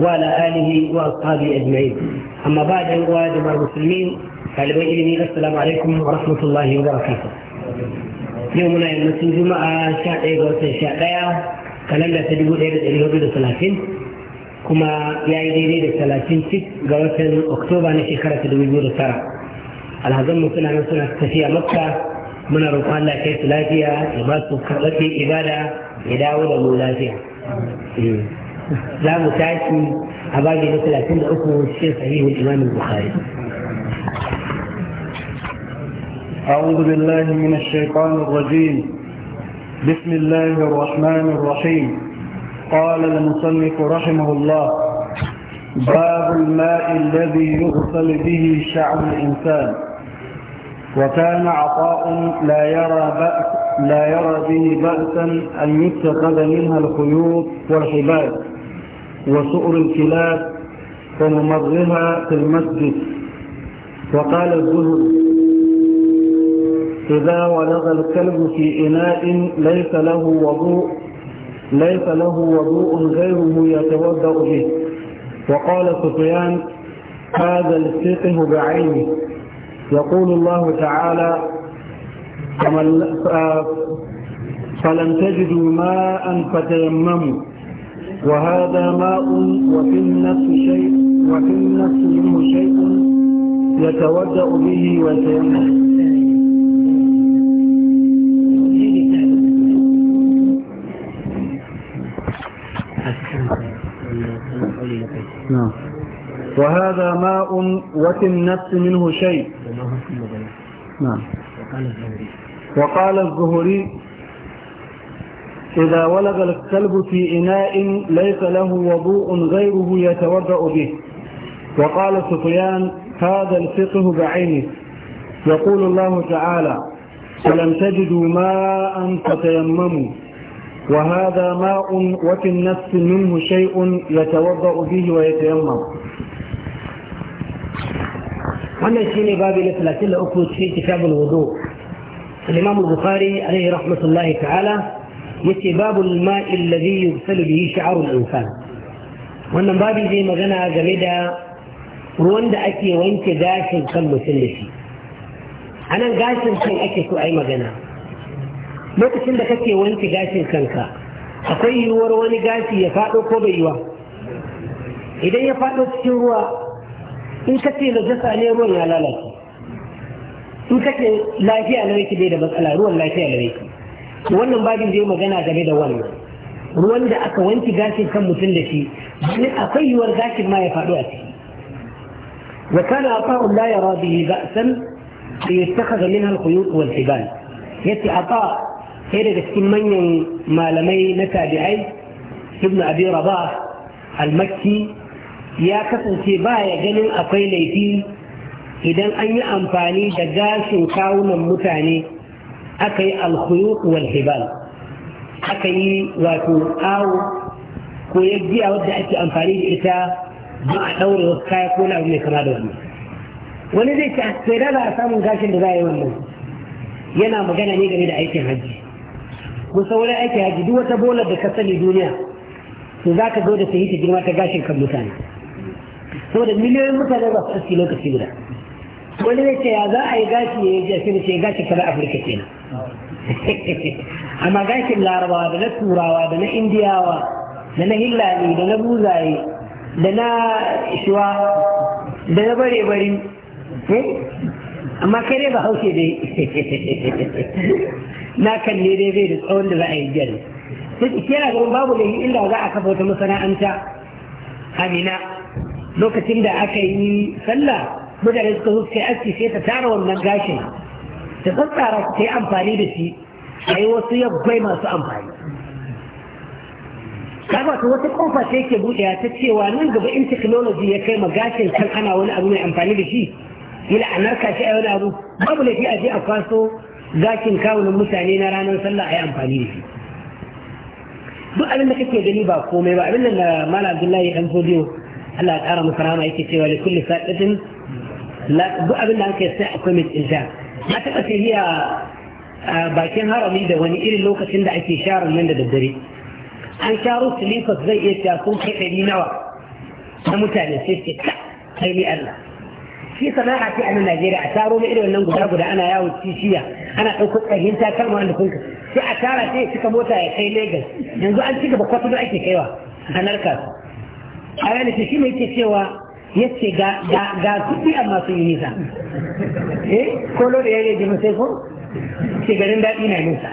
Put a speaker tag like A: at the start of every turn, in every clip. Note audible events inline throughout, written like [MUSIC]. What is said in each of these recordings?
A: وعلى آله وأصحابه أجمعين أما بعد أيها الجماعة المسلمين فلبيني السلام عليكم ورحمة الله وبركاته يومنا يوم الجمعة شاء إيغو سيشاء ليا كلام لا تدبو إيغو إيغو بيدو ثلاثين كما يأي ديري دي ثلاثين سيك غوثن أكتوبر نشيخرة تدبو بيدو سارة الهزم مسنا مسنا تسيا مكة من الرقان لا كيس لاجيا إباسو كرلتي إبادة إداود المولاجيا 嗯。Mm. لا mu tashi a baji أسمه الشيخ da uku البخاري أعوذ بالله من الشيطان الرجيم بسم
B: الله الرحمن الرحيم قال المصنف رحمه الله باب الماء الذي يغسل به شعر الإنسان وكان عطاء لا يرى بأس لا يرى به بأسا أن يتخذ منها الخيوط والحبال وسؤر الكلاب وممرها في المسجد وقال الزهد إذا ولغ الكلب في إناء ليس له وضوء ليس له وضوء غيره يتوضأ به وقال سفيان هذا الفقه بعينه يقول الله تعالى فمن آه، فلم تجدوا ماء فتيمموا وهذا ماء وفي النفس
C: شيء وفي النفس منه شيء يتوجأ به ويتيمم
B: نعم. وهذا ماء وفي النفس منه شيء نعم وقال الزهري إذا ولد الكلب في إناء ليس له وضوء غيره يتوضأ به وقال سفيان هذا الفقه بعينه يقول الله تعالى فلم تجدوا ماء فتيمموا وهذا ماء وفي النفس منه شيء يتوضأ به
A: ويتيمم wannan shine بابي لثلاثين 33 cikin kitabul كتاب الوضوء. الامام البخاري عليه رحمه الله تعالى yace babu ma'il ladhi alladhi yursalu bihi sha'ru al-insan wannan babu zai magana game da ruwan da ake wanke gashin kan mutum da shi anan gashin kan ake so ai magana lokacin da kake wanke gashin kanka akwai yiwuwar wani gashi ya faɗo ko bai yiwa idan ya faɗo cikin ruwa in ka ce najasa ne ruwan ya lalace in ka ce lafiya na yake bai da matsala ruwan lafiya na yake wannan babin da ya magana game da wannan ruwan da aka wanki gashin kan mutum da shi ne akwai yiwuwar gashin ma ya faɗo a ciki wa kana ata'u la yara bihi ba'san fa yattakhadha minha al-khuyut wal hibal yace ata sai daga cikin manyan malamai na tabi'ai ibn abi rabah al-makki ya kasance ba ya ganin akwai laifi idan an yi amfani da gashin kawunan mutane aka yi alhuyu walhibal, aka yi wato awo ko ya giya wadda ake amfani da ita don a ɗaure wasu kaya ko na mai kama da wannan wani zai ce ah, sai da za a samun gashin da za a yi wannan yana magana ne game da aikin hajji kusa san wani aikin hajji duk wata bola da ka sani duniya to za ka zo da ta yi ta girma ta gashin kan mutane saboda miliyoyin mutane za su aski lokaci guda wani ne ce ya za a yi gashi ya yi jafi da ce gashi kada afirka ce [LAUGHS] amma gashin larabawa da na turawa da na indiyawa da na hillani da na buzaye da na shuwa da na bare-bari eh? amma kai dai ba haushe dai [LAUGHS] na kan ne dai bai da tsawon da za a yi jar yana gaban babu da inda za a kafa wata masana'anta amina lokacin da aka yi sallah mutane suka zo suka aski sai ta tara wannan gashin ta tsara su ta yi amfani da shi a yi wasu yabbai masu amfani kaga to wata kofa ta yake buɗewa ta cewa nan gaba in technology ya kai ma gashin kan ana wani abu mai amfani da shi ila a narka shi a wani abu babu laifi a je a kwaso gashin kawunan mutane na ranar sallah a yi amfani da shi duk abin da kake gani ba komai ba abin da Malam abdullahi dan fodiyo Allah ya ƙara Masarama yake cewa da kulle sa'atin لا قبل لا أنك يستحكم الإلزام ما تبقى هي آه، باكين هرمي ده واني إيري اللوكة تندع في شعر من ده الدري أنك أروس اللي ينفق زي إيه تأكون كيف يدي نوع نمتالي سيستي لا أي لي ألا في صناعة في أنا نجيري أتارو مئري وأنا نقول أقول أنا يا وتشيشيا أنا أقول أي أنت كم وأنا أقول في أتارة في كموتا أي ليجل ينقول أنت كيف بقطع دعيتك أيوة أنا ركز أنا تشيشي ما يتشيوا yace ga ga ga kuɗi amma sun yi nisa eh kolo da ya yi sai ko ce garin daɗi na nisa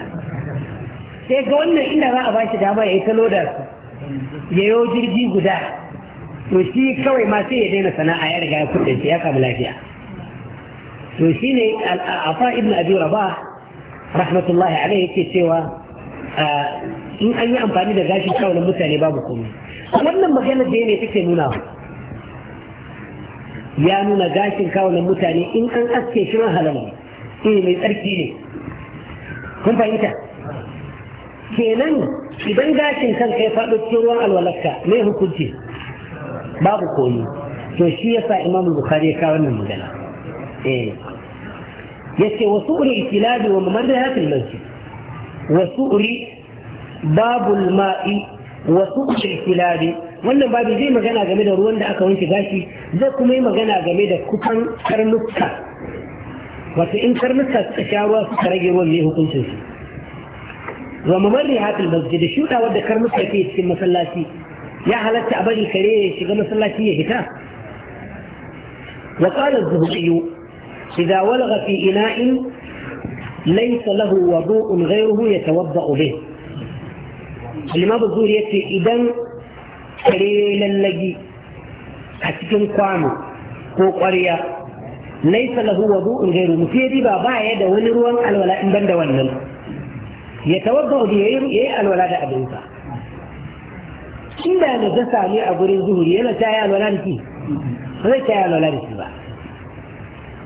A: sai ga wannan inda za a ba shi dama ya yi talo da su ya yi jirgi guda to shi kawai ma sai ya daina sana'a ya riga ya kuɗe shi ya kama lafiya to shi ne fa'in na abi rabah rahmatullahi alai yake cewa ah, in an yi amfani da gashin kawai mutane babu komai wannan maganar da ya ne take nuna ya nuna gashin kawunan mutane in an aske shi ma halama ne mai tsarki ne kun fahimta kenan idan gashin kanka ya faɗo cikin ruwan alwalaka mai hukunci babu koyi to shi ya sa imamu bukari ya kawo nan magana eh. ya yace wasu uri itilabi wa ya al-masjid wasu uri babul ma'i wasu uri itilabi wannan babu zai magana game da ruwan da aka wanke gashi zai kuma yi magana game da kukan karnuka wato in karnuka suka sha ruwa suka rage ruwan mai hukuncin su wa mamarri hatil masjid da shuɗa wadda karnuka ke cikin masallaci ya halatta a bari kare ya shiga masallaci ya fita wa qala az-zuhri idza walagha fi ina'in laysa lahu wudu'un ghayruhu yatawadda'u bih al-imam az-zuhri yace idan kare lallagi a cikin kwano ko ƙwarya laisa lahu wudu'un ghairu mufidi ba ba ya da wani ruwan alwala in banda wannan ya tawadda da yayi alwala da abinsa Kin da zasa ne a gurin zuhuri yana ta yi alwala ne ba zai ta yi alwala ne ba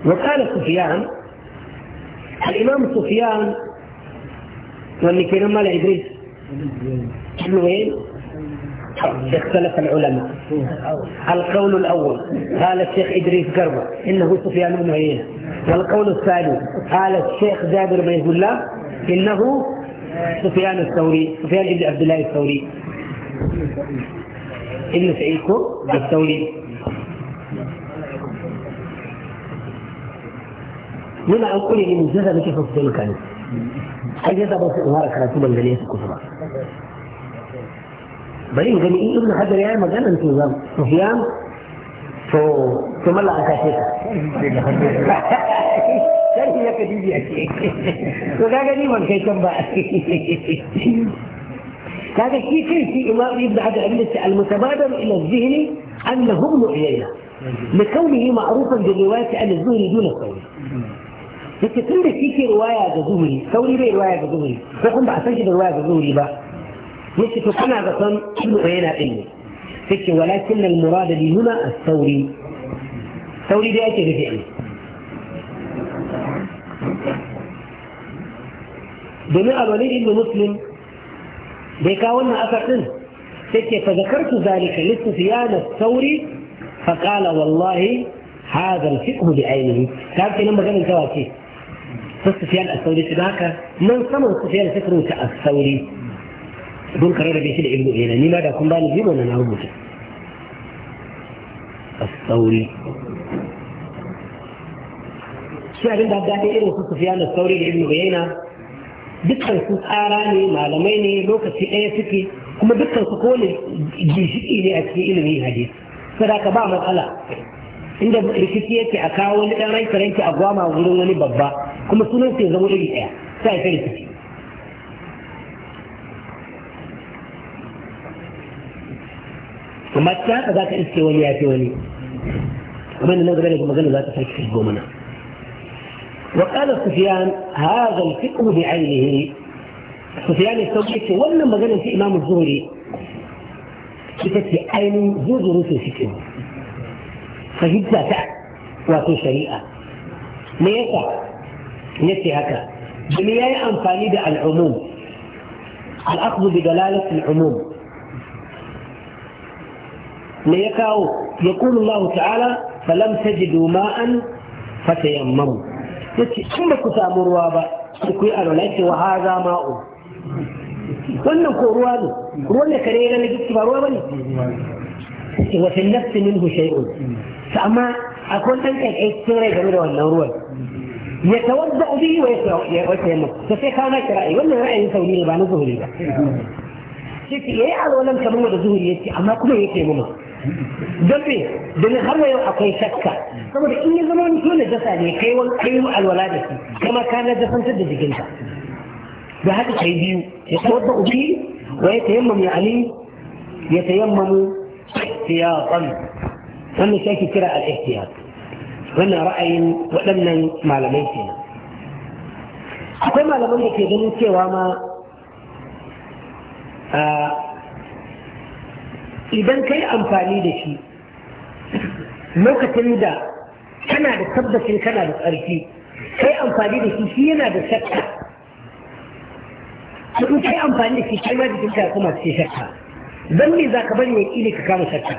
A: wa qala sufyan al-imam sufyan wanda kenan mala idris ibn wayl اختلف العلماء القول الأول قال الشيخ إدريس قربة إنه سفيان بن عيينة والقول الثاني قال الشيخ جابر بن الله إنه سفيان الثوري سفيان بن عبد الله الثوري ابن سعيدكم الثوري من أقول kure ne mu jaza nake son su taimaka ne ai jaza ba bari in gani in ibnu hajar ya yi maganar tuzam siyam to to malla an kashe ka sai ya kadi biya ce to ga gani ban kai kan ba kaga shi kai shi imam ibnu hajar abin da ce al-mutabadar ila zihni annahu ibnu uyayna لكونه معروفا بالرواية عن الزهري دون الثوري لكن تقول لك في رواية عن الزهري ثوري بيه رواية عن الزهري فقم بحسنش برواية عن الزهري بقى يكتب كما بصم كل غينا إلي يكتب ولكن المراد لي هنا الثوري الثوري بأي أكتب في أمي الوليد بن مسلم دي أثر أفعلن يكتب فذكرت ذلك لسفيان الثوري فقال والله هذا الفقه بعينه كانت لما كان الجواكي فسفيان الثوري سباكا من سمع سفيان الفكر الثوري don kare da shi da ibnu yana ni ma da kun bani jibo na rubuta as-sauri shi abin da daɗin irin su sufiya da sauri da ibnu yana dukkan su tsara ne malamai ne lokaci ɗaya suke kuma dukkan su kowane gishiki ne a cikin ilimin hadisi sadaka ba matsala inda rikici yake a kawo wani ɗan rai a gwama wurin wani babba kuma sunan sai zama iri ɗaya sai ka rikici amma وقال سفيان هذا الفقه بعينه سفيان الثوري ولا مجال في امام الزهري كتبت عين ذو في الفقه فجبت تحت وفي شريعه ليس نفسي هكا جميع أنفاني العموم الأخذ بدلالة العموم ليكاو يقول الله تعالى فلم تجدوا ماء فتيمموا يتي كم كتابوا روابا تكوي ألو لأيك وهذا ماء وانا كو روابا روانا كريغا نجد روابا وفي النفس منه شيء فأما أكون أنت أكتري جميلة وانا روابا يتوضع به ويتيمم ففي كان رأي وانا رأي يسوي لي بانو ظهري شكي ايه ألو لم تبنو ظهري يتي أما كله يتيممم don me domin har yau akwai shakka saboda in ya zama wani dole jasa ne kai wani kayi alwala da shi kama ka na jasantar da jikinka da haka kai biyu ya tawadda ubi wa ya tayammam ya ali ya tayammamu ihtiyatan wannan shi ake kira al-ihtiyat wannan ra'ayin waɗannan malamai kenan akwai malaman da ke ganin cewa ma ah, idan ka yi amfani da shi lokacin da kana da tabbacin kana da tsarki kai amfani da shi shi yana da shakka in kai amfani da shi kai ma jikin ka kuma ce shakka Zan me za ka bari ya ne ka kama shakka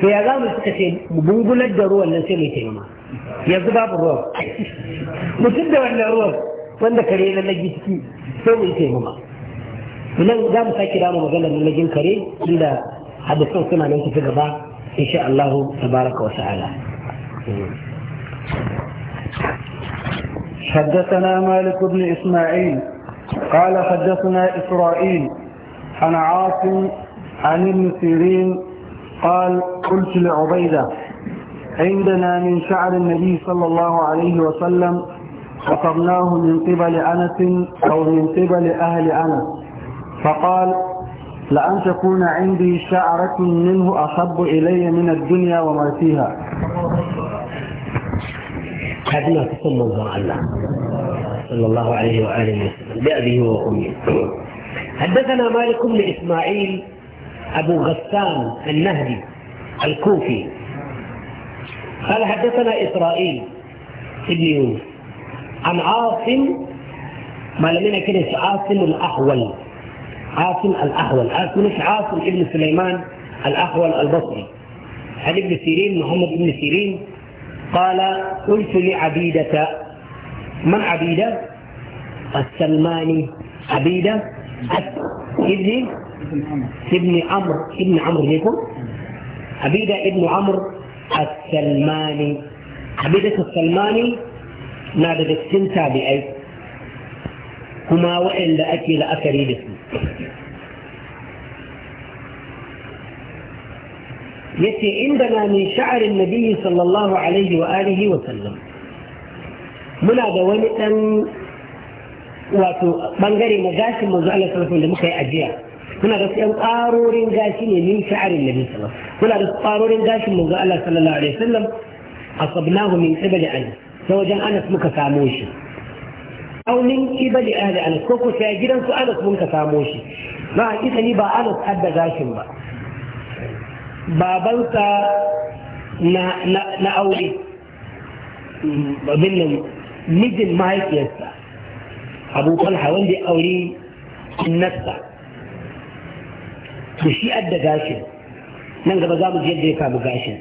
A: to ya za mu suka ce gungunar da ruwan nan sai mai taimama yanzu babu ruwan mutum da wannan ruwan wanda kare na lagi ciki sai mai taimama nan za mu sake damu من namijin kare inda hadisan suna nan tafi gaba إن Allah tabaraka wa ta'ala
B: حدثنا مالك بن إسماعيل قال حدثنا إسرائيل عن عاصم عن ابن سيرين قال قلت لعبيدة عندنا من شعر النبي صلى الله عليه وسلم قصرناه من قبل أنس أو من قبل أهل أنس فقال لأن تكون عندي شعرة منه أحب إلي من الدنيا وما فيها هذه تسمى
A: منظر الله صلى الله عليه وآله وسلم بأبيه وأمي حدثنا مالك بن إسماعيل أبو غسان النهدي الكوفي قال حدثنا إسرائيل ابن يونس عن عاصم ما لمنا كده عاصم الأحول عاصم الأحول مش عاصم ابن سليمان الأحول البصري عن ابن سيرين محمد بن سيرين قال قلت لعبيدة من عبيدة؟ السلماني عبيدة ابن ابن عمرو ابن عمرو ليكم عبيدة ابن عمرو السلماني عبيدة السلماني نادى بالسن تابعي كما وإن لأكل لأكري لسني يتي عندنا من شعر النبي صلى الله عليه وآله وسلم منا دواني أن واتو بانغاري مغاشي مزوء الله صلى الله عليه وسلم كي أجيع منا دواني أن قارور غاشي من شعر النبي صلى الله عليه وسلم منا قارور غاشي مزوء الله صلى الله عليه وسلم أصبناه من قبل أنس فوجه أنس مكا ساموشي aunin shi ba da ala ala ko gidan su anas mun ka samu shi ba haƙiƙa ni ba anas hadda gashin ba baban ka na aure babin nan mijin mahaifiyarsa Abu Talha wanda ya aure sunnarsa to shi adda gashin nan gaba za mu je yadda ya kamu gashin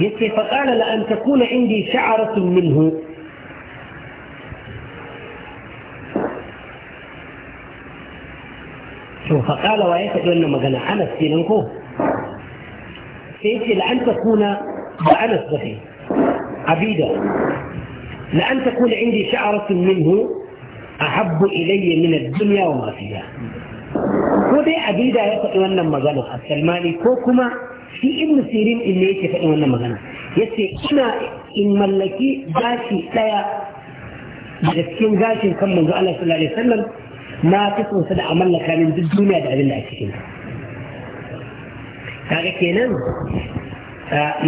A: يكفي فقال لأن تكون عندي شعرة منه فقال ويتأتي أن مغنى أنس في لنكو فيكفي لأن تكون وأنس بخي عبيدة لأن تكون عندي شعرة منه أحب إلي من الدنيا وما فيها ko عبيدة abida ya faɗi wannan magana a shi ibn sirin ne yake faɗi wannan magana ce ina in mallaki gashi ɗaya daga cikin gashin kan manzo Allah sallallahu alaihi wasallam na fi sonsa da a mallaka min duk duniya da abin da a cikin kaga kenan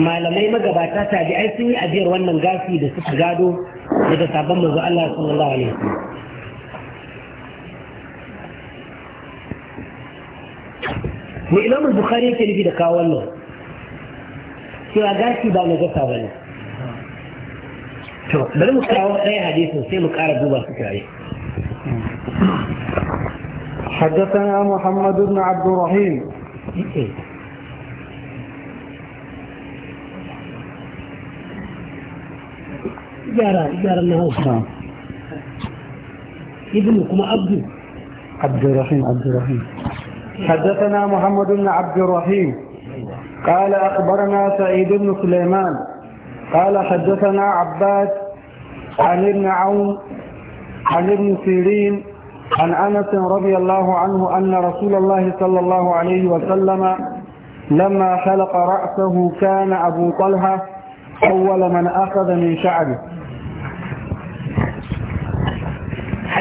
A: malamai magabata ai sun yi ajiyar wannan gashi da suka gado daga sabon manzo Allah sallallahu alaihi wasallam mu imam bukhari yake nufi da kawo wannan cewa gashi ba na gasa bane to bari mu kawo ɗaya hadisin sai mu ƙara duba su tare حدثنا محمد
B: بن عبد الرحيم
A: إجارة إجارة النهار ابن كما عبد عبد الرحيم عبد الرحيم
B: حدثنا محمد بن عبد الرحيم قال أخبرنا سعيد بن سليمان قال حدثنا عباس عن ابن عون عن ابن سيرين عن أنس رضي الله عنه أن رسول الله صلى الله عليه وسلم لما خلق رأسه كان أبو طلحة أول من أخذ من شعره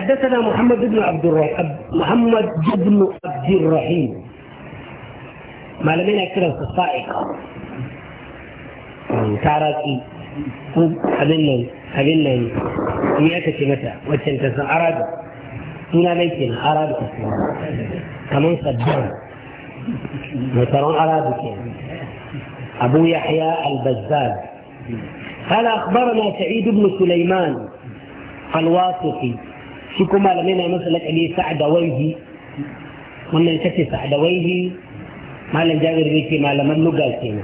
A: حدثنا محمد بن عبد الرحيم محمد بن عبد الرحيم معلمين كده في الصائقة تعرفي إيه؟ أبنن أبنن مئة كلمة وتنتس أراد هنا ليتنا أراد كمان صدام وترون أراد أبو يحيى البزاز قال أخبرنا سعيد بن سليمان الواثقي shi kuma malamai na masa lakali sa'ada waihi wannan ita ce sa'ada waihi malam jabir bai ce malaman lugal ne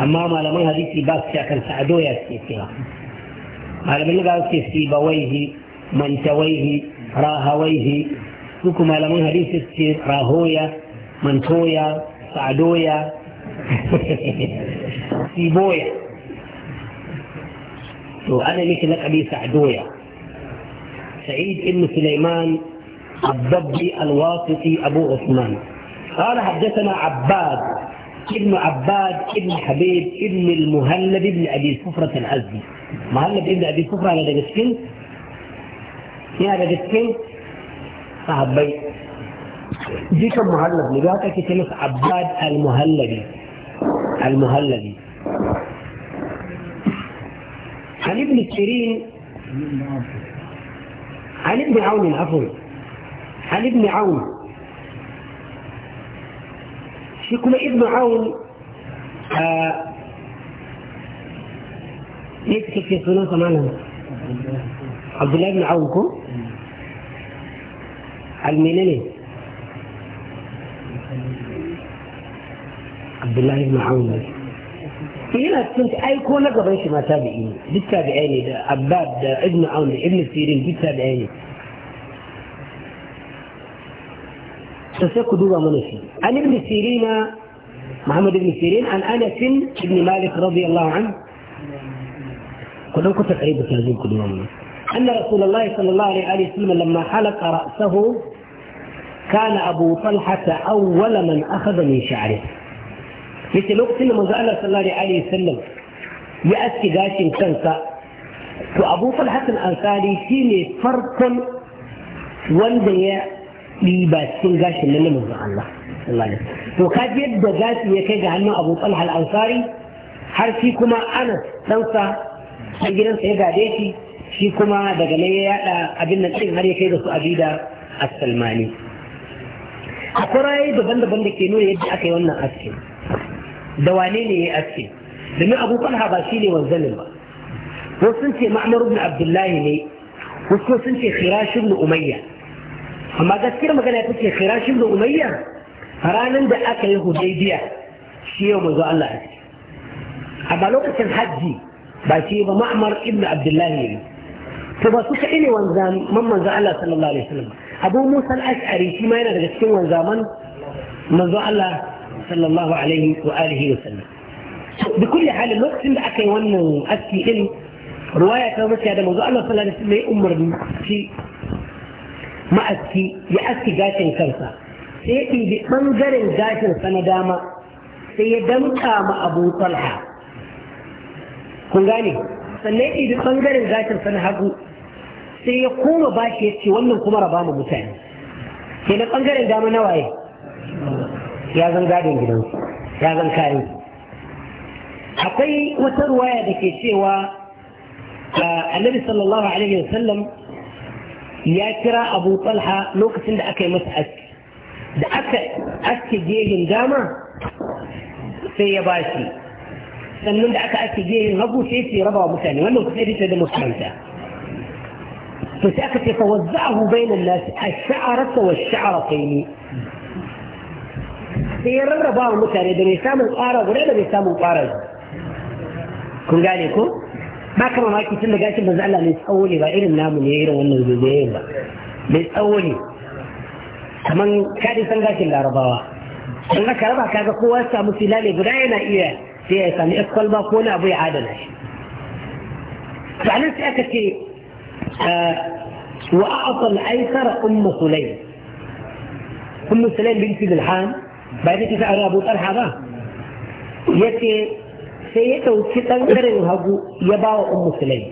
A: amma malaman hadisi ba su ce akan sa'adoya suke cewa malaman lugal suke siba waihi manta waihi raha waihi su kuma malaman hadisi ce rahoya mantoya sa'adoya siboya to ana miki laƙabi sa'adoya سعيد بن سليمان الضبي الواسطي أبو عثمان قال حدثنا عباد ابن عباد ابن حبيب ابن المهلب ابن أبي سفرة العزي مهلب ابن أبي سفرة على دقسكين يا على دقسكين صحبي جيك المهلب لقاتك تمس عباد المهلبي المهلبي عن ابن سيرين علي ابن عون العفو علي ابن عون شكما ابن عون آه، يكتب في صناقة معنا عبد الله بن عون كم الميلاني عبد الله بن عون بس. سيرين هتكنت اي كونة قبل ما تابعيني دي تابعيني اباب ابن عمري ابن سيرين دي تابعيني تسيكو دوغا منسي ابن سيرين محمد بن سيرين عن انس بن مالك رضي الله عنه كلهم كنت قريب تنزيم كدوغا منسي ان رسول الله صلى الله عليه وسلم لما حلق رأسه كان ابو طلحة اول من اخذ من شعره yace lokacin da manzo Allah sallallahu alaihi wasallam ya aski gashin kansa to Abu Talha al-Ansari shine farkon wanda ya yi cikin gashin nan manzo Allah sallallahu alaihi wasallam to kaji yadda gashi ya kai ga hannun Abu Talha al-Ansari har shi kuma ana ɗansa a gidansa ya gade shi shi kuma daga nan ya yada abin nan ɗin har ya kai da su abida as-salmani akwai daban-daban da ke nuna yadda aka yi wannan aski da wane ne ya aske domin abu talha ba shi ne wanzanin ba wasu sun ce ma'amar ibn abdullahi ne wasu sun ce khirash ibn umayya amma gaskiyar magana ta ce khirash ibn umayya ranar da aka yi hudaybiya shi yau manzo Allah aske amma lokacin hajji ba shi ba ma'amar ibn abdullahi ne to ba su ne wanzan man manzo Allah sallallahu alaihi wasallam abu musa al-ash'ari shi ma yana daga cikin wanzaman manzo Allah صلى الله عليه وآله وسلم بكل حال الوقت اللي أكي وانا أسكي إن رواية كانت هذا الموضوع الله صلى الله عليه وسلم يأمر في ما أسكي يأسكي قاشن كرسا سيأتي بمنظر قاشن سندامة سيدمتا مع أبو طلحة kun gane sannan idan bangaren gashin sana hagu sai ya koma bashi ya ce wannan kuma raba mu mutane bangaren dama na waye ya zan gadon gidansu ya zan kayan akwai wata ruwaya da ke cewa annabi sallallahu alaihi wasallam ya kira abu talha lokacin da aka yi masa aski da aka aske gehen dama sai ya bashi sannan da aka aske gehen hagu sai ce raba wa mutane wannan kusa ita da musulunta to sai aka ce fa wazza'ahu bainan nasi ash-sha'arata wash-sha'aratayn sai ya rarraba wa mutane da mai samun ƙwara guda da mai samun ƙwara kun gane ko ba kama maki tun da gashin manzo Allah mai tsawo ne ba irin namu ne irin wannan zuzuyen ba mai tsawo ne kaman kaɗi san gashin larabawa in aka raba kaga kowa ya samu filale guda yana iya sai ya sami kwalba ko wani abu ya adana shi sannan sai aka ce wa a'ata al-aysara ummu sulaym ummu sulaym binti bilhan بعدين كذا أبو طلحة ما يتي سيئة وكتن كرن هجو يباو أم سليم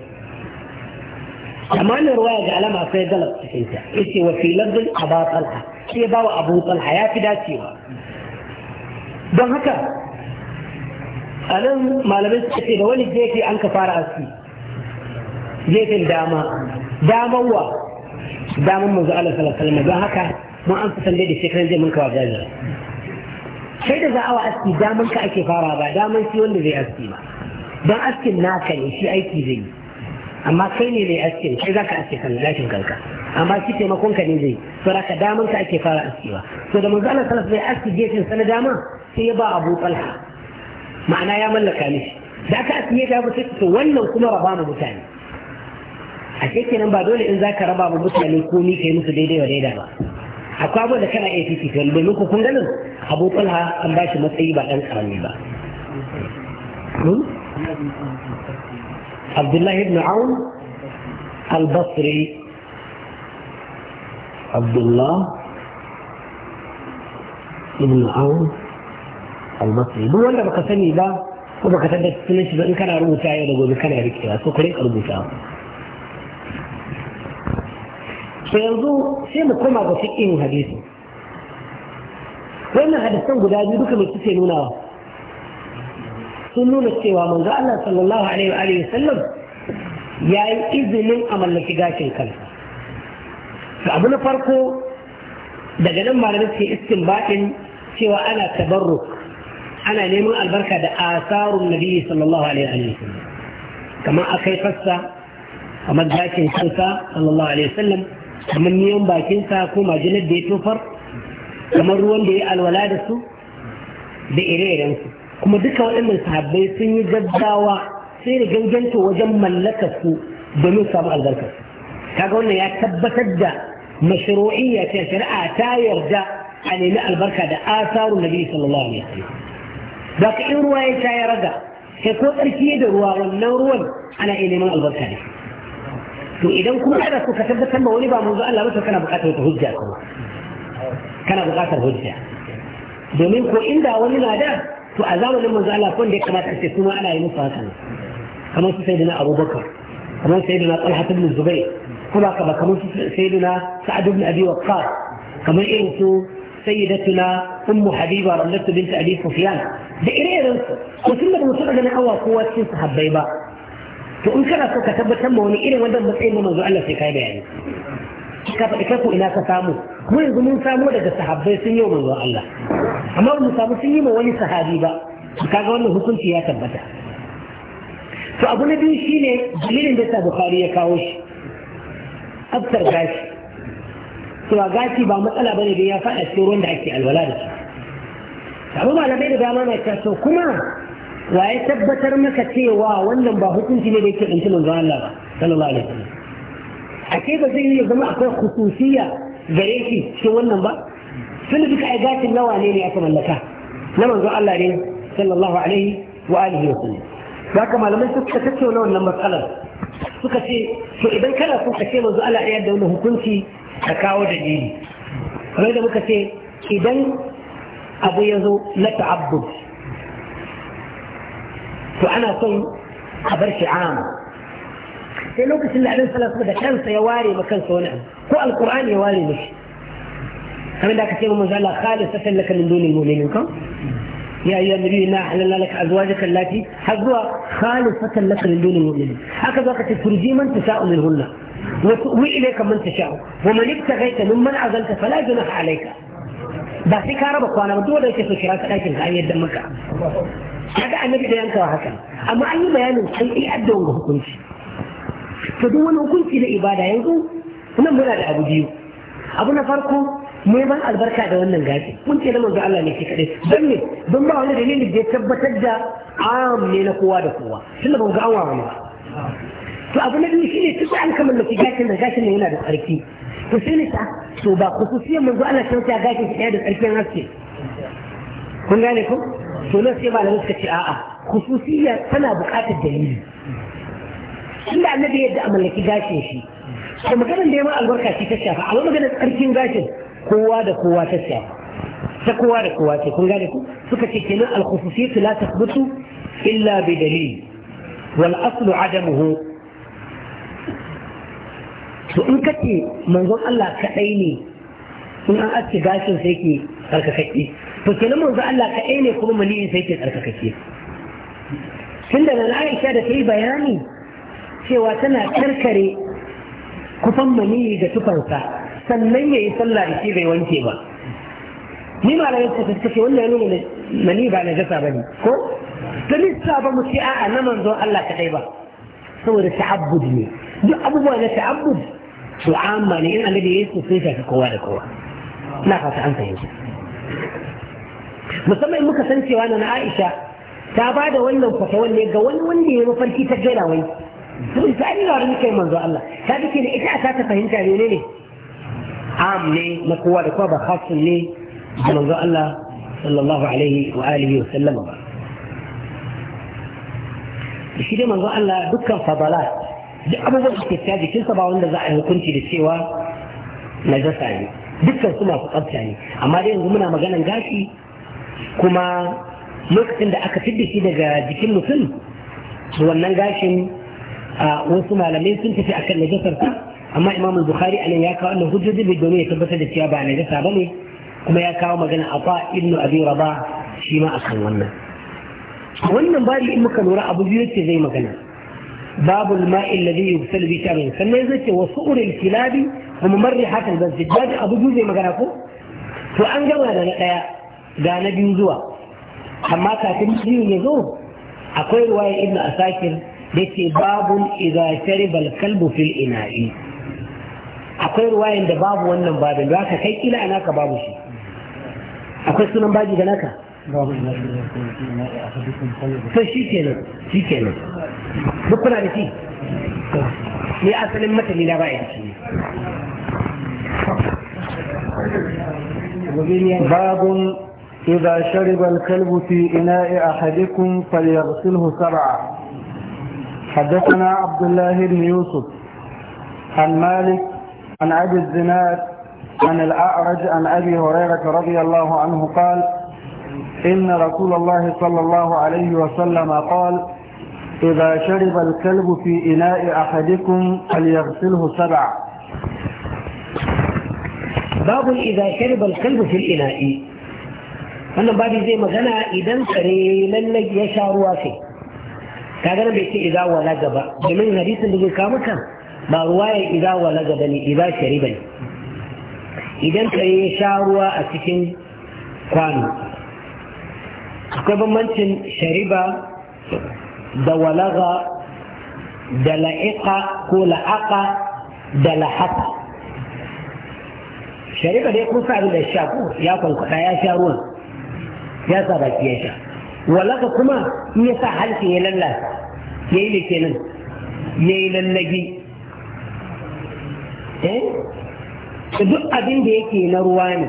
A: كمان رواية على ما في ذلك تكنت إسي وفي لفظ أبا طلحة يباو أبو طلحة يا في داتيوا دهكا أنا ما لبس كتير ولي جيكي أنك فارع أسي جيكي الداما داما هو داما موزع صلى الله عليه وسلم دهكا ما أنت سنجد الشكرا جي منك وفي ذلك sai da za'awa aski daman ka ake fara ba daman shi wanda zai aski ba don askin naka ne shi aiki zai yi amma kai ne mai askin kai za ka aske kan lafin kanka amma shi taimakon ka ne zai saboda ka daman ka ake fara aski ba to da manzo Allah sallallahu alaihi aski gefen sana na dama sai ya ba Abu Talha ma'ana ya mallaka ne da aka ya ta sai to wannan kuma raba mu mutane a kenan ba dole in zaka raba mu mutane komi yi musu daidai wa daidai ba akwai abu da kana iya fifi wani domin ku kun ganin abu tsalha an ba shi matsayi ba ɗan karami ba hmm? abdullahi ibn aun al-basri abdullah ibn aun al-basri duk wanda baka sani ba ko baka san sunan shi ba in kana rubuta yau da gobe kana rikewa so ka rinka rubuta to yanzu sai mu koma ga fiƙin hadisi wannan hadisan guda biyu duka mai suke nunawa sun nuna cewa manzo Allah sallallahu alaihi wa sallam ya yi izinin a mallaki gashin kansa ga abu na farko daga nan malamai suke istinbaɗin cewa ana tabarruk ana neman albarka da asarun nabi sallallahu alaihi wa sallam kamar akai fassa kamar gashin kansa sallallahu alaihi wa sallam kamar miyan bakinsa ko majinar da ya tofar kamar ruwan da ya alwala da su da ire-irensu kuma duka waɗannan sahabbai sun yi gaggawa sai da ganganta wajen mallakar su domin samu albarkar kaga wannan ya tabbatar da mashru'iyya ta shari'a ta yarda a nemi albarka da asarun nabi sallallahu alaihi wasallam da ka in ruwa ya sha ya raga sai ko tsarki da ruwa wannan ruwan ana iya neman albarka da shi to idan kuma kana so ka tabbatar ba wani ba manzo Allah ba to kana buƙatar wata hujja kuma kana buƙatar hujja domin ko inda wani na da to a zamanin manzo Allah kun da ya kamata a kuma ana yi musu haka kamar su sayyidina Bakar kamar sayyidina Talha ibn Zubayr kuma kamar kamar su sayyidina Sa'ad ibn Abi Waqqas kamar irin su سيدتنا ام حبيبه radiyallahu bint Abi Sufyan da ire-iren su mutum da mutum da na awa kowa cikin sahabbai ba to in kana so ka tabbatar ma wani irin wannan matsayin manzo Allah sai kai bayani ka faɗi kai ko ina ka samu mu yanzu mun samu daga sahabbai sun yi manzo Allah amma mu samu sun yi ma wani sahabi ba kaga wannan hukunci ya tabbata to abu na biyu shine dalilin da sa Bukhari ya kawo shi afsar gashi to gashi ba matsala bane da ya faɗa cikin ruwan da ake alwala da shi amma malamai da dama na cewa kuma wa ya tabbatar maka cewa wannan ba hukunci ne da yake ɗanci manzon Allah ba sallallahu alaihi wasallam a kai ba zai iya zama akwai khususiyya gare shi cikin wannan ba tun duka ai gashin nawa ne ne aka mallaka na manzon Allah ne sallallahu alaihi wa alihi wa sallam haka malamai suka tattauna wannan matsalar suka ce to idan kana so ka ce manzo Allah ya da wannan hukunci ka kawo dalili kamar da muka ce idan abu ya zo na ta'abbud to ana son عام في shi am sai lokacin da كان سيواري ما كان سوى نعم هو القران يواري مش ko alkur'ani ya ware mishi kamar da aka ce يا أيها النبي إنا أحللنا لك أزواجك التي حظها خالصة لك من دون المؤمنين هكذا وقت تفرجي من تشاء منهن وتؤوي إليك من تشاء ومن ابتغيت ممن عزلت فلا جناح عليك بس كاربك وأنا بدو ولا يكفي شراك لكن هاي يدمك kaga annabi da yankawa haka amma an yi bayanin sai ai adda wanga hukunci to duk wani hukunci da ibada yanzu nan muna da abu biyu abu na farko yi ban albarka da wannan gashi mun ce da manzo Allah ne ke kadai don ne don ba wani dalili da ya tabbatar da am ne na kowa da kowa tunda ban ga an wa wani to abu na biyu shine duk an kammala ki gashin da gashin ne yana da tsarki to sai ne ta to ba khususiyar manzo Allah ta ta gashin ki da tsarkin haske kun gane ko to nan sai malamai suka ce a'a khususiyya tana buƙatar dalili inda annabi yadda a mallaki gashin shi to maganar da ya ma albarka shi ta shafa amma maganar tsarkin gashin kowa da kowa ta shafa ta kowa da kowa ce kun gane ku suka ce kenan al-khususiyyatu la tathbutu illa bi dalil wal aslu adamuhu to in kace manzon Allah kadai ne in an aske gashin sai ke karkakakke to kenan manzo Allah kaɗai ne kuma maniyin sai ke tsarkakake tun da nan Aisha da ta yi bayani cewa tana karkare kufan maniyi da tufansa sannan ya yi sallah da shi bai wanke ba ni malamai suka suka ce wannan nuna ne mani ba na gasa bane ko to ni sa ba mu ce a'a na manzon Allah kadai ba saboda ta'abbud ne duk abubuwa na ta'abbud to amma ne in annabi ya yi su sai ka kowa da kowa ina fata an fahimta musamman muka san cewa na Aisha ta ba da wannan fatawar ne ga wani wanda ya mafarki ta gaira wai sun ta yi wani kai manzo Allah ta dace ne ita ta ta fahimta ne ne am ne na kowa da kowa ba khasun ne da manzo Allah sallallahu alaihi wa alihi wa sallama ba shi dai manzo Allah dukkan fadala duk abubuwan da ke ta jikinsa ba wanda za a yi hukunci da cewa najasa ne dukkan su masu tsafta ne amma dai yanzu muna maganan gashi kuma lokacin da aka fidda shi daga jikin mutum wannan gashin wasu malamai sun tafi akan najasar ta amma imam bukhari anan ya kawo wannan hujjoji bai domin ya tabbatar da cewa ba najasa ba ne kuma ya kawo magana a fa ibnu abi raba shi ma akan wannan wannan bari in muka lura abu biyu ce zai magana babu ma'i alladhi yusal bi sharin sannan zai ce wasu uril kilabi wa mumarrihatil bazjad abu biyu zai magana ko to an gama da na daya ga na biyu zuwa amma kafin biyu ya zo akwai ruwaya ibn asakir da ke babun idza shariba al-kalbu fil ina'i akwai ruwayan da babu wannan babin da haka kai kila ka babu shi akwai sunan baji da naka sai shi kenan shi kenan duk kuna da shi ne asalin matali na baya shi
B: babun إذا شرب الكلب في إناء أحدكم فليغسله سبعا حدثنا عبد الله بن يوسف عن مالك عن أبي الزناد عن الأعرج عن أبي هريرة رضي الله عنه قال إن رسول الله صلى الله عليه وسلم قال إذا شرب الكلب في إناء أحدكم فليغسله سبعا
A: باب إذا شرب الكلب في الإناء wannan babi zai magana idan kare lallai ya sha ruwa sai ta nan bai ce idza wala gaba domin hadisin da zai kawo maka ba ruwa ya idza wala gaba ne idza shariba ne idan kare ya sha ruwa a cikin kwano akwai bambancin shariba da walaga da la'iƙa ko la'aƙa da lahaka shariba dai kun sa abin da ya sha ya kwankwada ya sha ruwan ya sa baki ya sha walaka kuma in ya sa harshe ya lallasa ya yi da nan ya yi eh duk abin da yake na ruwa ne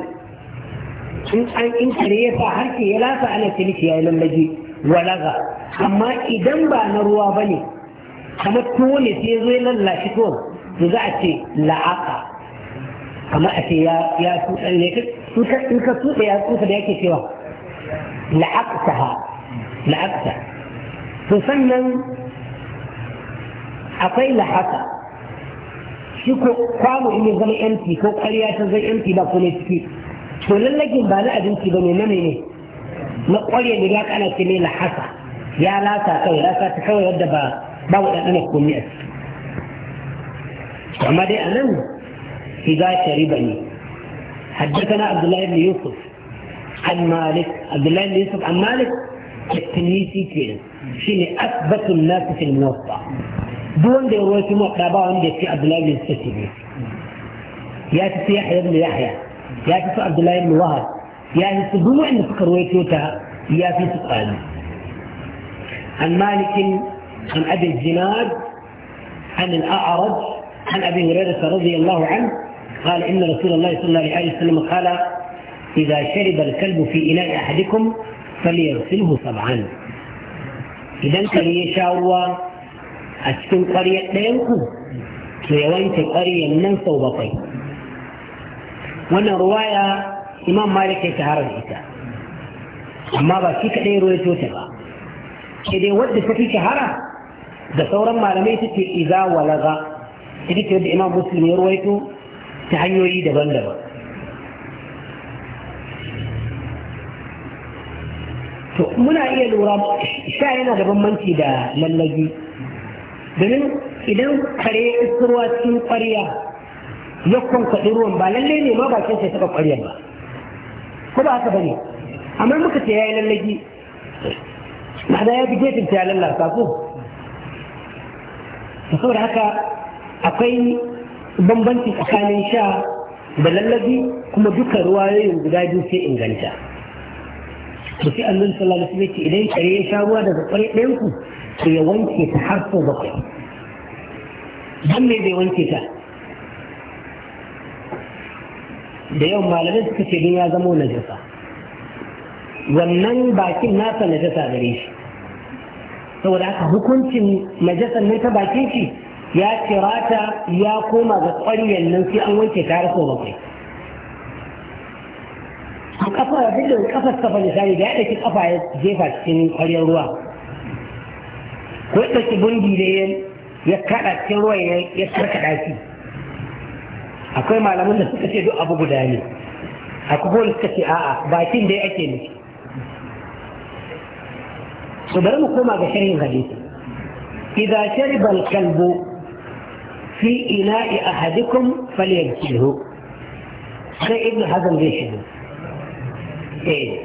A: in an in kare ya sa harshe ya lasa ana ciniki ya yi lallage. walaga amma idan ba na ruwa ba ne kamar tuwo ne sai zo ya lallashi tuwon to za a ce la'aka kamar a ce ya tuta ne in ka tuta ya tuta da yake cewa لعقتها لعقتها تسمم أقي لحقا شكو قاموا إني زمي أنتي كو قرياتا زي أنتي با كونيتكي شو للاجين بالا أدنتي بني نميني نقولي أني راك أنا تمي لحقا يا لا تاكوي لا تاكوي هدى با باو أنا كوني أسكي وما دي أنا إذا تريبني حدثنا عبد الله بن يوسف عن مالك عبد الله بن يوسف عن مالك التنيسي كده شيء اثبت الناس في الموطا دون دي روايه موضع بقى عند في عبد الله بن يوسف يا في يحيى بن يحيى يا في عبد الله بن وهب يا في دون عند فكر رويتوتا يا في سؤال عن مالك عن ابي الزناد عن الاعرج عن ابي هريره رضي الله عنه قال ان رسول الله صلى الله عليه وسلم قال إذا شرب الكلب في إناء أحدكم فليغسله سبعا إذا كان الله أشكل قرية لينكو سيوان تقرية من صوبتي وانا رواية إمام مالك يتهار الإتاء أما بسيك أي رواية توتبا إذا ودي سكي شهرة ده صورا ما لميت إذا ولغا إذا كان إمام مسلم يرويته تحيو إيدا بندبا to muna iya lura sha yana da bambanci da lallabi domin idan kare isurwa cikin kwariya ya kwankwaɗi ruwan ba lallai ne ma bakin sai taɓa ƙwaryar ba ko ba haka bane amma muka ce ya yi lallabi. ma'ana ya fi gefen ta ya lallasa ko saboda haka akwai bambanci tsakanin sha da lallabi kuma duka ruwayoyin guda biyu sai inganta to sai annabi sallallahu alaihi wasallam idan kare ya sha ruwa daga kwarai ɗayan ku to ya wanke ta har sau bakwai dan me bai wanke ta da yawan malamai suka ce don ya zama wani jasa wannan bakin nasa najasa gare shi saboda haka hukuncin najasan ne ta bakin shi ya ta ya koma ga ƙwaryan nan sai an wanke ta har sau bakwai kafa duk da kafar kafa misali da ya ɗauki kafa ya jefa cikin ƙwaryar ruwa ko ya ɗauki bundi da ya kaɗa cikin ruwa ya karkaɗa shi akwai malaman da suka ce duk abu guda ne akwai kuma suka ce a'a bakin dai ake nufi su bari mu koma ga shirin hadisi idza shariba al-kalbu fi ina'i ahadikum falyabtilhu sai ibnu hazm zai shigo Eh.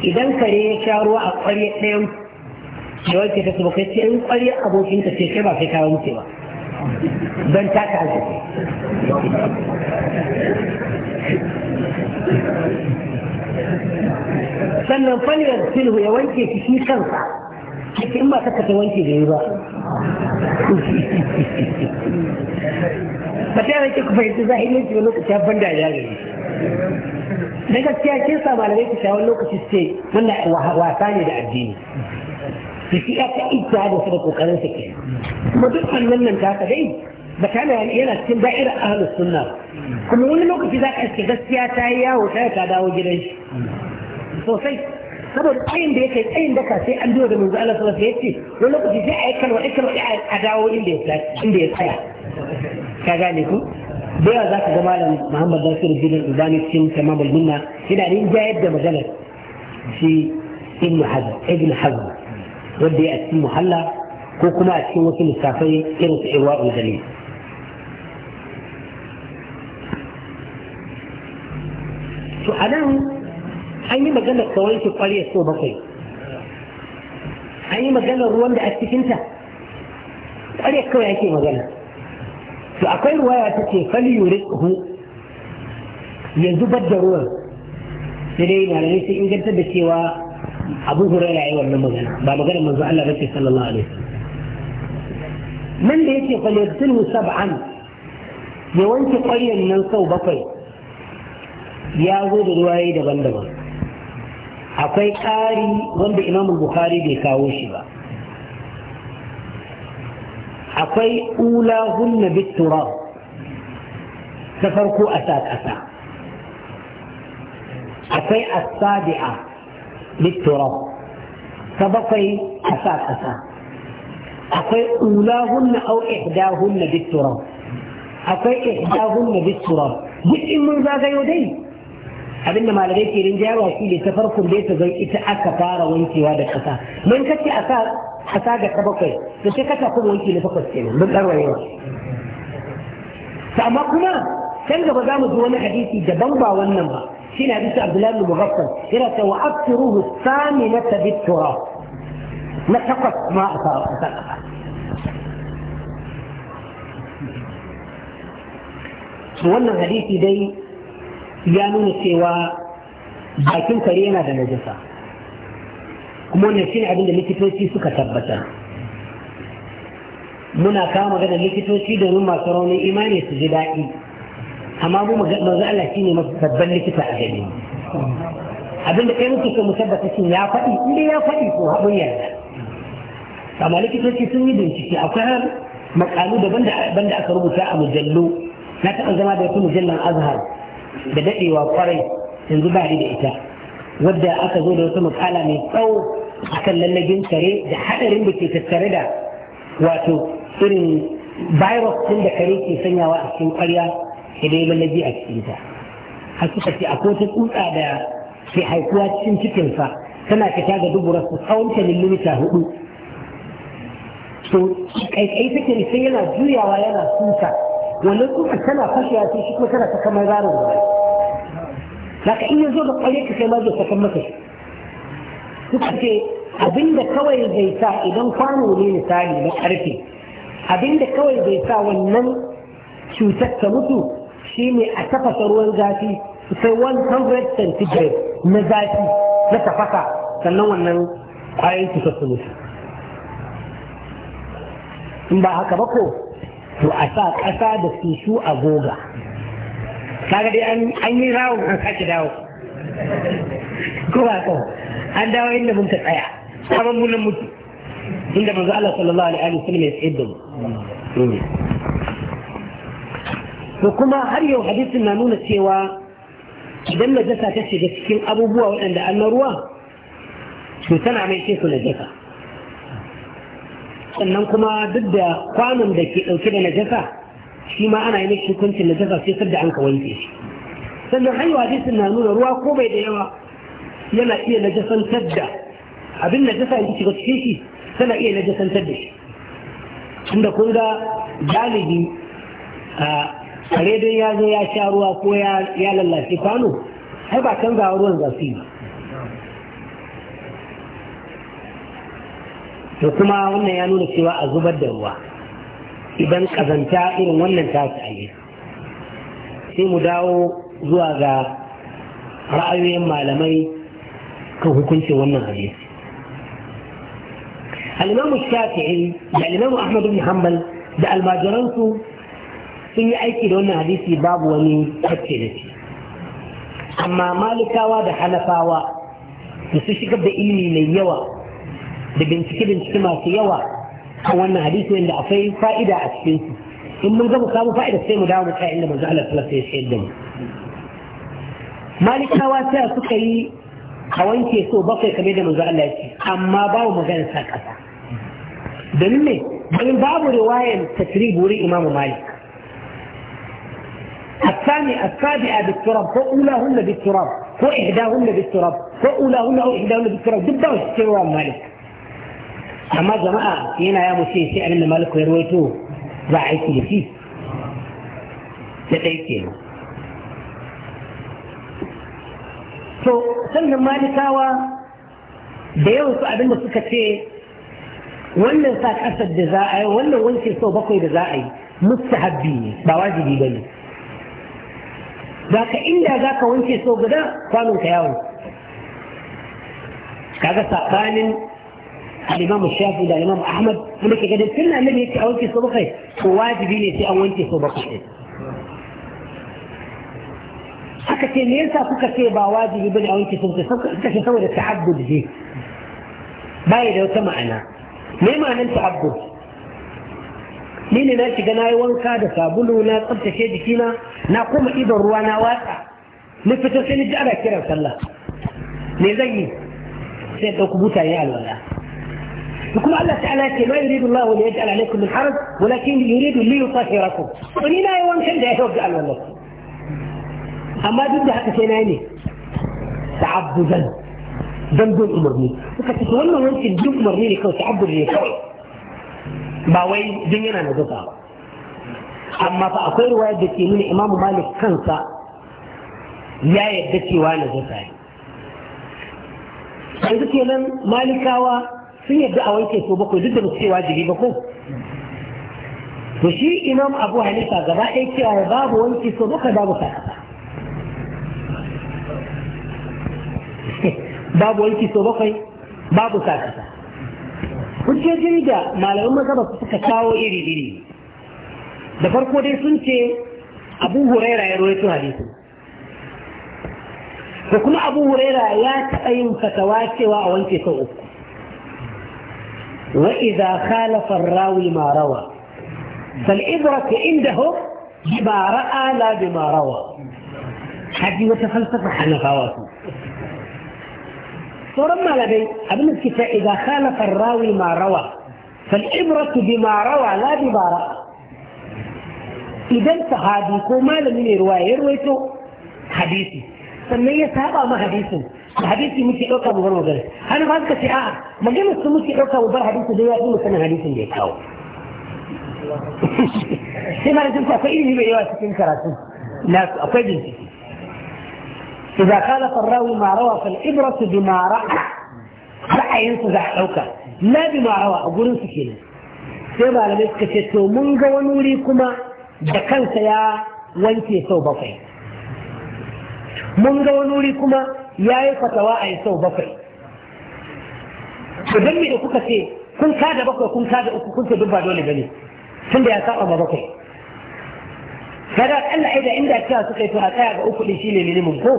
A: idan kare ya sha ruwa a kwarya ɗayan da wanke ta suka ce in kwarya abokinka ce kai ba sai ka wanke ba don ta ta arziki sannan faliyar silhu ya wanke shi shi kansa cikin ba ta wanke da yi ba ba ta yanke ku fahimci yi shi wani kusa ban da ya gari na gaskiya kin sa malamai ku shawar lokaci ce wanda wasa ne da addini da shi aka ita da su da kokarin su ke kuma duk wannan nan ta dai ba ta yana cikin da'ira ahlus sunna kuma wani lokaci za ka iske gaskiya ta yi yawo ta ta dawo gidan shi sosai saboda tsayin da ya kai tsayin da ka sai an biyo da manzo Allah sallallahu alaihi wasallam wani lokaci sai a yi kalwa kalwa a dawo inda ya tsaya inda ya tsaya ka gane ku da yawa za ka ga malam muhammad nasir jinin ubani cikin tamam al-minna yana rinjayar da maganar shi ibn hazm ibn hazm wanda ya a cikin muhalla ko kuma a cikin wasu lissafai irin su irwa ulgali to a nan an yi maganar kawai ki kwarya so bakwai an yi maganar ruwan da a cikinta kwarya kawai ake magana to akwai ruwaya ta ce fali hu ya zubar da ruwan sai dai malamai sun ingantar da cewa abu hura ya yi wannan magana ba magana manzo Allah ba ce sallallahu alaihi nan da yake fali yursilhu sab'an ya wanke ƙwaryan nan sau bakwai ya zo da ruwaye daban-daban akwai ƙari wanda imamu bukhari bai kawo shi ba أقي أولى هن بالتراب تفرقوا أساد أساء أقي السابعة بالتراب تبقي أساد أساء أقي أولى هن أو إحدى هن بالتراب أقي إحدى هن بالتراب جئت من ذا يدي abinda malamai ke rinjaya wa shi ne ta farko da ya ta zai ita aka fara hasaga ta bakwai da sai kasa kuma wanki na takwas kenan mun ɗarwa yawa amma kuma can gaba za mu zo wani hadisi daban ba wannan ba shine hadisi Abdullahi bin Mughaffal yana cewa aktiruhu saminata bit-turab na takwas ma a sa su wannan hadisi dai ya nuna cewa bakin kare yana da najasa kuma wannan shine abin da likitoci suka tabbata muna kawo maganar likitoci domin masu raunin imani su ji daɗi amma mu manzo Allah shine mafi babban likita a gare mu abinda kai muke so mu tabbata shin ya faɗi inda ya faɗi ko haɓun yarda amma likitoci sun yi bincike akwai har makalu daban banda aka rubuta a mujallu na taɓa zama da wata mujallar azhar da daɗewa kwarai yanzu ba da ita wadda aka zo da wata makala mai tsawo akan lallabin kare da hadarin da ke tattare da wato irin virus din da kare ke sanyawa a cikin ƙwarya idan ya lallabi a cikin ta har suka ce akwai wata tsutsa da ke haikuwa cikin cikin sa tana fita ga su tsawon ta millimita hudu so kai take sai yana juyawa yana tsuka wannan tsuka tana fashewa sai shi kuma tana ta kamar zarin gaba haka in ya zo da ƙwarya ka sai ma zai sakan masa suka ce abinda kawai bai sa idan kwano ne misali na karfe abinda kawai bai sa wannan cutar ta mutu shi ne a tafasa ruwan zafi sai 100 centigrade na zafi na tafasa sannan wannan kwayoyin cutar ta mutu in ba haka ba ko to a sa ƙasa da su a goga kaga dai an yi rawon an sake dawo ko ba ko an dawo inda mun ta tsaya sabon munan mutu inda manzo Allah sallallahu alaihi sallam ya tsaye da mu to kuma har yau hadisin na nuna cewa idan najasa ta shiga cikin abubuwa waɗanda an ruwa to tana mai ce su najasa sannan kuma duk da kwanon da ke ɗauke da najasa shi ma ana yi mai hukuncin najasa sai sadda an ka wanke shi sannan hanyar hadisin na nuna ruwa ko bai da yawa yana iya najasantar da abin na jasa yake shiga cikin shi tana iya najasantar da shi tunda kun ga galibi a kare don ya zo ya sha ruwa ko ya lalace kwano ai ba canza ruwan zafi ba to kuma wannan ya nuna cewa a zubar da ruwa idan kazanta irin wannan ta sai mu dawo zuwa ga ra'ayoyin malamai kan hukuncin wannan hadisi alimamu shafi'i da alimamu Ahmadu ahmad bin da almajiransu sun yi aiki da wannan hadisi babu wani kacce da shi amma malikawa da hanafawa da su shigar da ilimi mai yawa da bincike-bincike masu yawa a wannan hadisi wanda akwai fa'ida a cikinsu in mun gaba samu fa'ida sai mu dawo mu ta inda manzo Allah sallallahu alaihi ya mu مالك كواتا سكي خوانتي سو بقي كبيرة مزالاتي أما باو مغان ساكتا دمني من باب رواية تسريب ولي إمام مالك الثاني السابعة بالتراب فأولاهن بالتراب فإحداهن بالتراب فأولاهن أو إحداهن بالتراب ضد استروا مالك أما جماعة هنا يا مسيح سألنا مالك يرويته راعي كل شيء to sannan malikawa da yawan su abin da suka ce wannan sa kasar da za a yi wannan wanke sau bakwai da za a yi habbi ne ba wajibi ba ne ba ka inda za ka wanke sau guda kwanon ka yawo kaga sabanin al'imam shafi da al'imam ahmad wanda ke gadin sunna annabi ce a wanke sau bakwai to wajibi ne sai an wanke sau bakwai aka ce me yasa kuka ce ba wajibi bane a wanke sun suka ce saboda ta'abbud je baya da wata ma'ana me ma'anar ta'abbud ni ne na shiga na yi wanka da sabulu na tsabtace jikina na kuma idon ruwa na watsa na fito sai ni ji ana kiran sallah me zan yi sai ɗauki mutane alwala يقول الله تعالى ما يريد الله ليجعل عليكم من حرج ولكن يريد ليطهركم وني لا يوم شد يا رب الله amma duk da haka sai na ne ta'abbuzan zan bin umarni suka ce wannan wancan duk umarni ne kawai ta'abbuz ne kawai ba wai din yana na gaba ba amma fa akwai ruwaya da ke nuna imam malik kansa ya yadda cewa na gaba ne yanzu kenan malikawa sun yadda a wanke so bakwai duk da ba cewa jiri ba ko to shi imam abu hanifa gaba ɗaya cewa babu wanke so bakwai babu sakata babu wanki so bakwai babu sa kasa hujjojin da malamin mazhaba suka kawo iri iri da farko dai sun ce abu huraira ya rawaito hadisin da kuma abu huraira ya taɓa yin fatawa cewa a wanke sau uku wa idza khalafa ar-rawi ma rawa bal fal ibrat indahu bima ra'a la bi ma rawa hadi wata falsafa hanafawa su ما لدي هذا الكتاء اذا خالف الراوي ما روى فالعبرة بما روى لا ببارة اذا صحابي كما لم يروي رويته حديثي سمي سابا ما حديثي حديثي مش يوكا بغر مغر انا فاسك سي اه ما جينا سمسي يوكا بغر حديثه دي يقول سنة حديثه دي يتاو [LAUGHS] سيما لازم تفعيني بيواسكين كراسي لا تفعيني إذا خالف الراوي ما روى فالإبرة بما رأى رأى سزح أوكا لا بما روى أقول أنت سكينة سيبا لبسك يسكتشتو منغا ونوريكما دكان سيا وانت يسو بطي منغا ونوريكما يا فتوى أي سو بطي فدمي أكوكا سي كن كاد بقى كن كاد أكو كنت دبا دولي بني كن da ya بطي kada akalla ai da inda cewa suka yi to a tsaya ga uku din shine minimum ko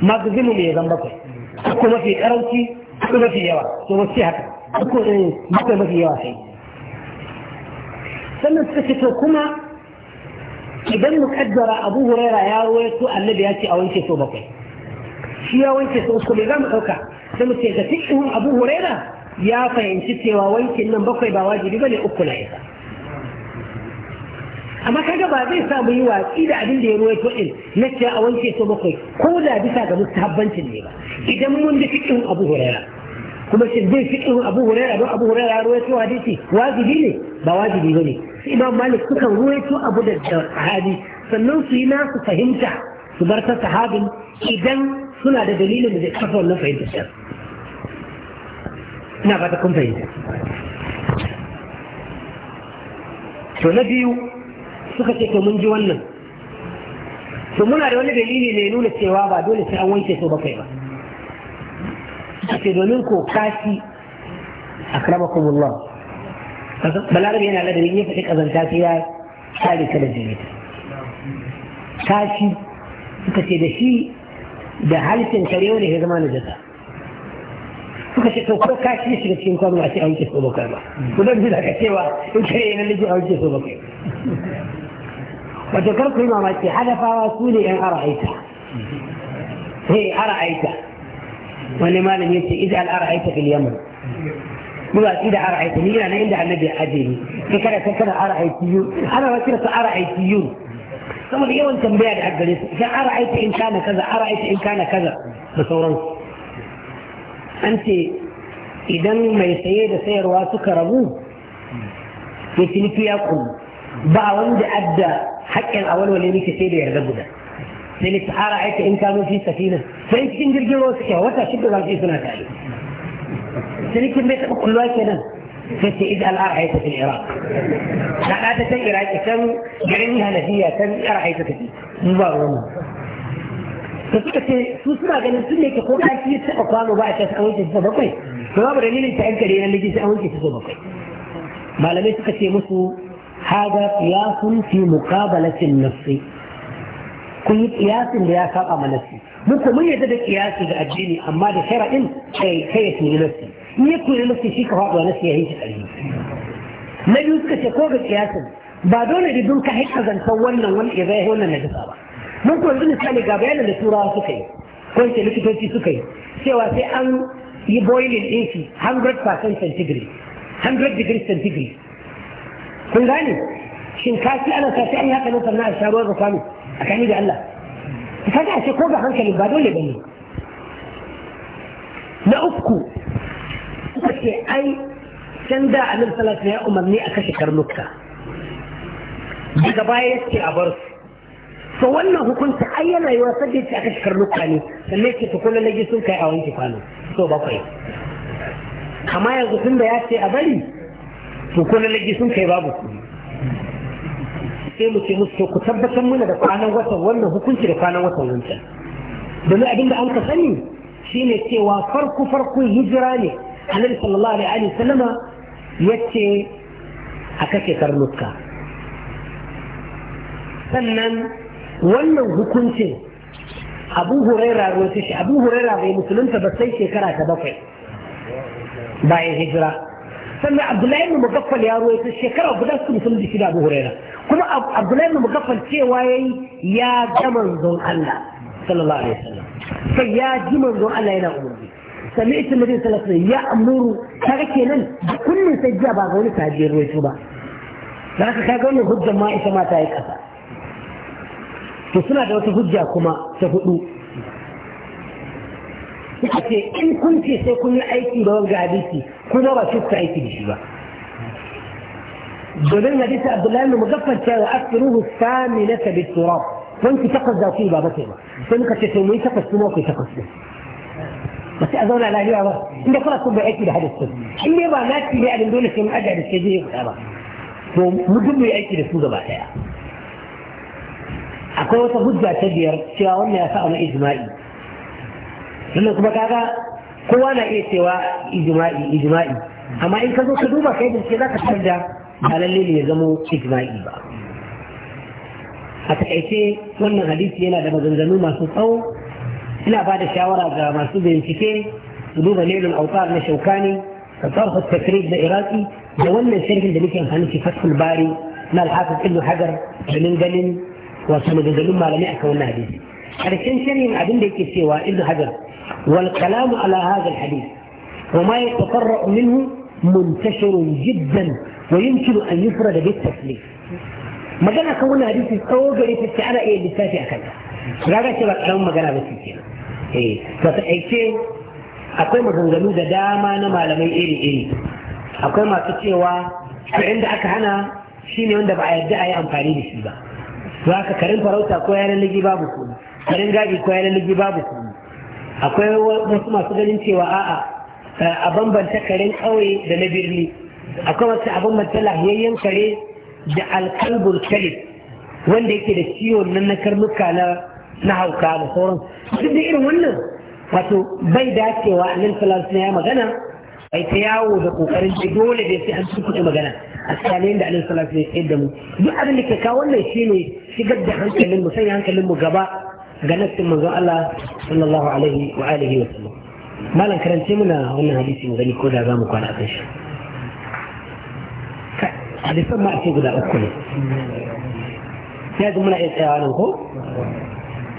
A: maximum ya zan bakwai uku mafi karanci uku mafi yawa to ba ce haka uku bakwai mafi yawa sai sannan suka ce to kuma idan mukaddara abu huraira ya rawaito annabi ya ce a wanke so bakwai shi ya wanke so uku ne za mu ɗauka sai mu ce ga fi'in abu huraira ya fahimci cewa wankin nan bakwai ba wajibi bane uku na isa amma kaga ba zai sa mu yi watsi da abin da ya ruwaito din na ce a wanke su bakwai ko da bisa ga mustahabbancin ne ba idan mun bi fiqhin Abu Hurairah kuma shin zai fiqhin Abu Hurairah don Abu Hurairah ya ruwaito hadisi wajibi ne ba wajibi bane sai Imam Malik sukan ruwaito abu da sahabi sannan su yi nasu fahimta su bar ta sahabin idan suna da dalilin da zai kafa wannan fahimtar ina ba ta kun fahimta to na biyu suka ce to mun ji wannan to muna da wani dalili ne nuna cewa ba dole sai an wanke su bakai ba ce domin ko kashi akramakumullah balarabi yana ladabi ya faɗi kazanta sai ya kare ka da jini kashi suka ce da shi da halittar kare wani ya zama na jasa suka ce to ko kashi ya shiga cikin kwano a ce an ke so bakai ba to don da ka cewa in kare yana liji an ke so bakai وذكرت إمامتي حذف رسولي إن أرأيته هي أرأيته ولما لم يأتي إذا أرأيت في اليمن قلت إذا أرأيت لي أنا عند النبي عجيب فكرة فكرة أرأيت يو أنا فكرة أرأيت يو ثم اليوم تنبيه حق جليس أرأيت إن كان كذا أرأيت إن كان كذا بصورا أنت إذا ما يسير سير واسك ربو في أقوم ba wanda adda haƙƙin a walwale miki sai da yarda guda sai ni tsara aiki in kano fi safina sai cikin jirgin ruwa suke wata shida za su yi suna tare sirikin bai taɓa kulluwa kenan sai ce idan al'ar haita fil iraq na ɗata can iraki can garin hanafiya can yar haita tafi mu ba ruwan da suka ce su suna ganin sun ne ke ko ɗaki ya taɓa kwano ba a ta an wanke su bakwai to babu dalilin ta yan kare na liji sai an wanke su bakwai malamai suka ce musu هذا قياس في مقابلة النص كل قياس لا يقال أمانتي ممكن من يدد قياس إذا أجيني أما دي خير إن شيء خيس من نفسي يكون لنفسي في كفاق ونفسي هي تقريب ما يوزك تقوغ قياس بعدون يدون كحكة أن تولنا والإذاه ولا نجسابا ممكن أن نسالي قابعنا لسورة سكي كنت لكي تنسي سكي سوى سيئن يبويل الإنسي 100% سنتيجري 100 degrees سنتيجري كن غاني شن كاسي انا كاسي اي هكذا نطرنا الشهر وين رفاني اكاني دي الله فجاء شي قوبة خمسة لبادو اللي بني لا افكو اكاسي اي سنداء من ثلاثة يا امم ني اكاسي كرنكتا بقبايا يسكي ابرس فوالنا هو كنت ايانا يوصدي في اكاسي كرنكتا ني سميكي تقول اللي جيسون كاي اوانتي فانو سو بقايا كما يغفين بياتي ابلي to ko lallagi sun kai babu su sai mu ce musu ku tabbatar mana da kwanan watan wannan hukunci da kwanan watan wancan domin abin da an ka sani shine cewa farko farkon hijira ne annabi sallallahu alaihi wa sallama yace a kashe karnuka sannan wannan hukuncin abu huraira ruwa shi abu huraira bai musulunta ba sai shekara ta bakwai bayan hijira سمع عبد الله بن مغفل يا رويت الشكر ابو داس كنت مسلم ديشي ابو هريره كما عبد الله بن مغفل شي واي يا جمن ذو الله صلى الله عليه وسلم فيا جمن ذو الله الى امور دي سمعت النبي صلى الله عليه وسلم يامر تركنا كل سجى باغون تاجير رويت با لك كاغون حجه ما اسمها تاي كذا تسمع ده حجه كما تفدو a ce in kun ce sai kun yi aiki da wanga hadisi kun ba shi ku aiki da shi ba domin hadisi abdullahi mu gaffar cewa asiruhu saminata biturab sun ki takas da ku ba ba sai ba sai muka ce sai mu yi takas kuma ku takas din ba sai a zauna lafiya ba inda kuna sun bai aiki da hadisi in dai ba na ci ne a dole sai mu ajiye da sai zai ba to mu duk mu yi aiki da su gaba daya akwai wata hujja ta biyar cewa wannan ya sa na ijma'i sannan kuma kaga kowa na iya cewa ijma'i ijma'i amma in ka zo ka duba kai bincike za ka da ba lalle ne ya zamo ijma'i ba a takaice wannan hadisi yana da maganganu masu tsawo ina ba da shawara ga masu bincike su duba lelin autar na shaukani ka tsarfa takrib da iraki da wannan shirin da nake amfani shi bari na alhafin ibnu hajar domin ganin wasu maganganun malamai akan wannan hadisi karshen shirin abin da yake cewa ibnu hajar والكلام على هذا الحديث وما يتفرع منه منتشر جدا ويمكن ان يفرد بالتسليم. ما قال لك هو حديث التوبه في السعر ايه اللي سافي اكلها لا لا تبقى كلام ما قال بس ايه فتحيتين اقوم بنزلو ده داما انا ما لم يقري ايه اقوم اتشيوا عند اكهنا شيني عند بعيد ده اي امفاني بشيبا فاك كريم فروت اكوين اللي جيبابكم كريم جاجي اكوين اللي جيبابكم akwai wasu masu ganin cewa a'a a bambanta karen ƙauye da na birni akwai wasu a bambanta lahiyayyen kare da alkalbur kalif wanda yake da ciwon nan na karnuka na hauka da sauran duk da irin wannan wato bai dacewa annabi sallallahu na ya magana bai ta yawo da kokarin ce dole da sai an tukuɗe magana a tsakanin da annabi salatu alaihi da mu duk abin da ke kawo wannan shine shigar da hankalinmu sanya hankalinmu gaba ga nassin manzon Allah sallallahu alaihi wa alihi wa sallam malam karance muna wannan hadisi mu gani ko da za mu kwana kan shi hadisan ma a ce guda uku ne ya ga muna iya tsayawa nan ko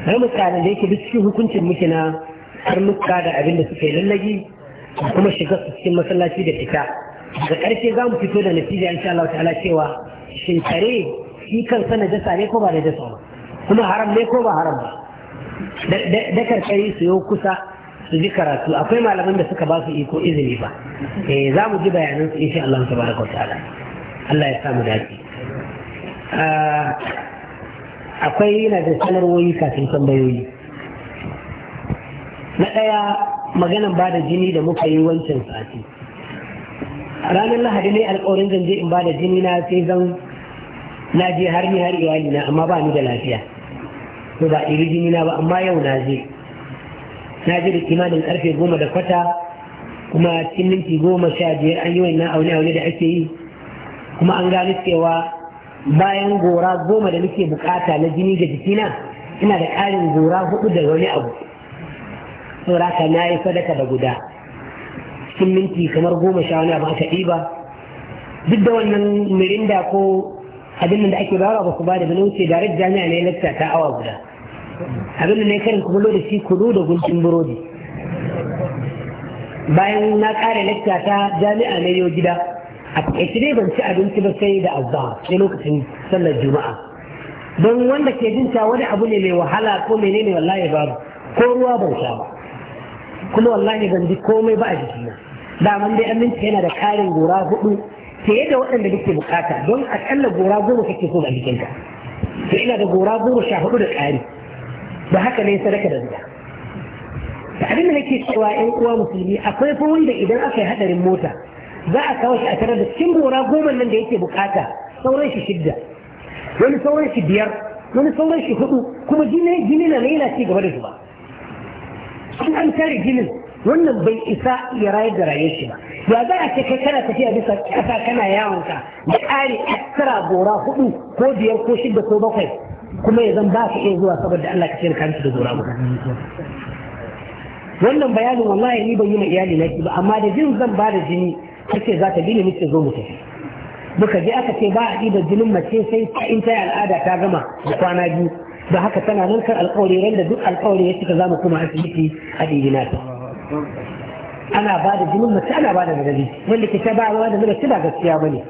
A: sai mu tsaya da yake duk cikin hukuncin muke na muka da abin da suka yi lallagi kuma shiga su cikin masallaci da fita da ƙarshe za mu fito da natija insha Allah ta'ala cewa shin kare shi kansa jasa ne ko ba jasa ba kuma haram ne ko ba haram ba da kai su yi kusa su ji karatu akwai malaman da suka ba su iko izini ba eh za mu ji bayanan su insha Allah tabaraka ta'ala Allah ya samu dace ah, akwai yana da sanarwoyi kafin tambayoyi na ɗaya maganan ba da jini da muka yi wancan sati ranar lahadi ne alkawarin zan je in ba da jini na sai zan na je har ni har iyali na amma ba ni da lafiya to ba ɗiri jini na ba amma yau na je na je da kimanin karfe goma da kwata kuma cikin minti goma sha biyar an yi wannan aune aune da ake yi kuma an gano cewa bayan gora goma da nake bukata na jini ga jikina ina da ƙarin gora hudu da wani abu sauraka na yi sadaka da guda cikin minti kamar goma sha wani abu aka ɗiba duk da wannan mirinda ko abin da ake bayarwa ba ku ba da bane wuce da jami'a ne lakta ta awa guda abin da na karin kuma da shi kudu da guntun burodi bayan na kare lakta ta jami'a na yau gida a kai dai ban ci abinci ba sai da azza sai lokacin sallar juma'a don wanda ke jin ta wani abu ne mai wahala ko menene wallahi babu ko ruwa ban sha ba kuma wallahi ban ji komai ba a jikina daman dai aminci yana da karin gora hudu fiye da waɗanda kake bukata don akalla gora goma kake so a jikinka to ina da gora goma sha hudu da ƙari ba haka ne sadaka da zuwa da abin da nake cewa ƴan uwa musulmi akwai fa wanda idan aka yi hadarin mota za a kawo shi a tare da cikin gora goma nan da yake bukata sauran shi shidda wani sauran shi biyar wani sauran shi hudu kuma jini jini na yana ci gaba da zuba an an tare jinin wannan bai isa ya rayar da rayuwar shi ba ya za a ce kai kana tafiya bisa kasa kana yawon ka da ƙari a gora hudu ko biyar ko shidda ko bakwai kuma ya zan ba ka iya zuwa saboda Allah ka tsira kanki da gora guda wannan bayanin wallahi ni ban yi ma iyali na ba amma da jin zan ba da jini kace za ta bi ni nake zo mu tafi muka je aka ce ba a ɗiba jinin mace sai in ta yi al'ada ta gama da kwana biyu da haka tana nan kan alƙawari ran da duk alƙawari ya cika mu kuma asibiti a ɗibina ta ana ba da jinin mace ana ba da madadi wanda ke ta ba da madadi ba gaskiya ba ne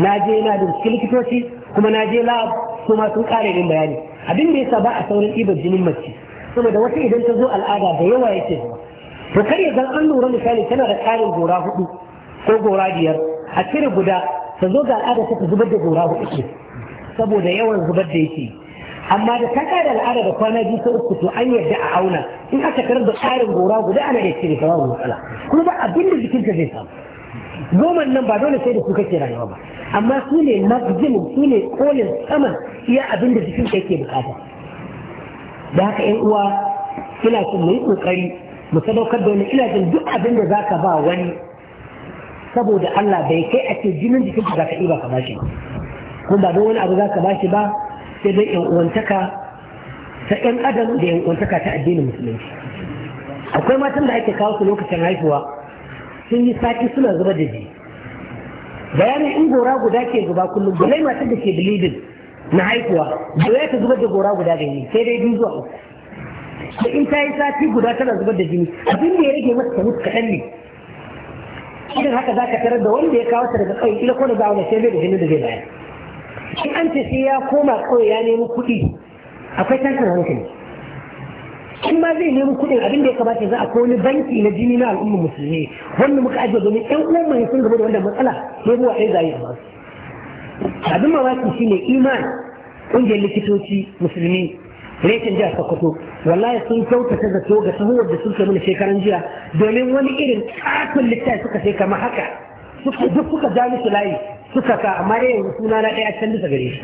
A: na je na da likitoci kuma na je lab su sun kare din bayani abin da yasa ba a saurin ibar jinin mace saboda wata idan ta zo al'ada da yawa yake to kar ya zan an lura misali tana da karin gora hudu ko gora biyar a cire guda ta zo ga al'ada ta zubar da gora hudu ce saboda yawan zubar da yake amma da ta kare al'ada da kwana biyu ta uku to an yarda a auna in aka tarar da karin gora guda ana iya cire ta babu matsala kuma ba abin da jikinta zai samu noman nan ba dole sai da su kake rayuwa ba amma su ne maximum su ne kolin saman iya abin da jikin ka yake bukata da haka yan uwa ina son mu yi kokari mu sadaukar da wani ina jin duk abin da zaka ba wani saboda Allah bai kai a ce jinin jikin ka ka ɗiba ka bashi kuma ba don wani abu zaka bashi ba sai dai yan uwantaka ta ƴan adam da yan uwantaka ta addinin musulunci akwai matan da ake kawo su lokacin haihuwa sun yi sati suna zuba da ji bayanin in gora guda ke zuba kullum balai matar da ke bilidin na haihuwa da ya ta zuba da gora guda gani sai dai biyu zuwa uku da in ta yi sati guda tana zuba da jini abin da ya rage masa ta mutu kaɗan ne idan haka za ka tarar da wanda ya kawo ta daga ƙauye ila kone ba wani sai da hannu da zai bayar in an ce sai ya koma ƙauye ya nemi kuɗi akwai tankar hankali in ma zai nemi kudin abin da ya kamata za a wani banki na jini na al'ummar musulmi wanda muka ajiye domin ɗan uwan mai sun gaba da wannan matsala sai ruwa ai zai a basu abin mamaki shine iman ƙungiyar likitoci musulmi reshen jihar sokoto wallahi sun kyautata zato ga sahuwar da sun kai mana shekaran jiya domin wani irin ƙaton littafi suka sai kama haka suka duk suka ja musu layi suka ka amma dai yanzu suna na ɗaya can bisa gare shi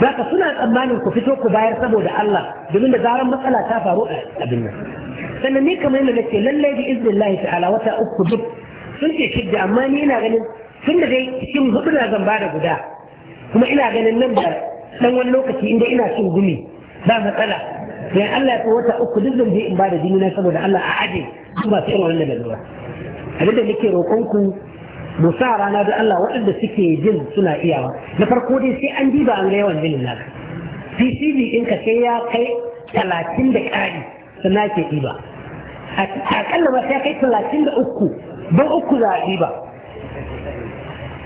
A: zaka suna tsammanin ku fito ku bayar saboda Allah domin da zaran matsala ta faru a abin nan sannan ni kamar yadda nake lallai bi iznillahi ta'ala wata uku duk sun ce shidda amma ni ina ganin tun da dai cikin hudu na zan bada guda kuma ina ganin nan da dan wani lokaci inda ina cin gumi ba matsala dan Allah ya wata uku duk zan je in bada jini na saboda Allah a aje ba sai irin wannan da lura abin da nake roƙonku mu sa rana da Allah waɗanda suke jin suna iyawa na farko dai sai an diba an ga yawan jinin naka PCB in ka sai ya kai talatin da ƙari sannan ke diba A aƙalla ba sai kai talatin da uku ban uku za a diba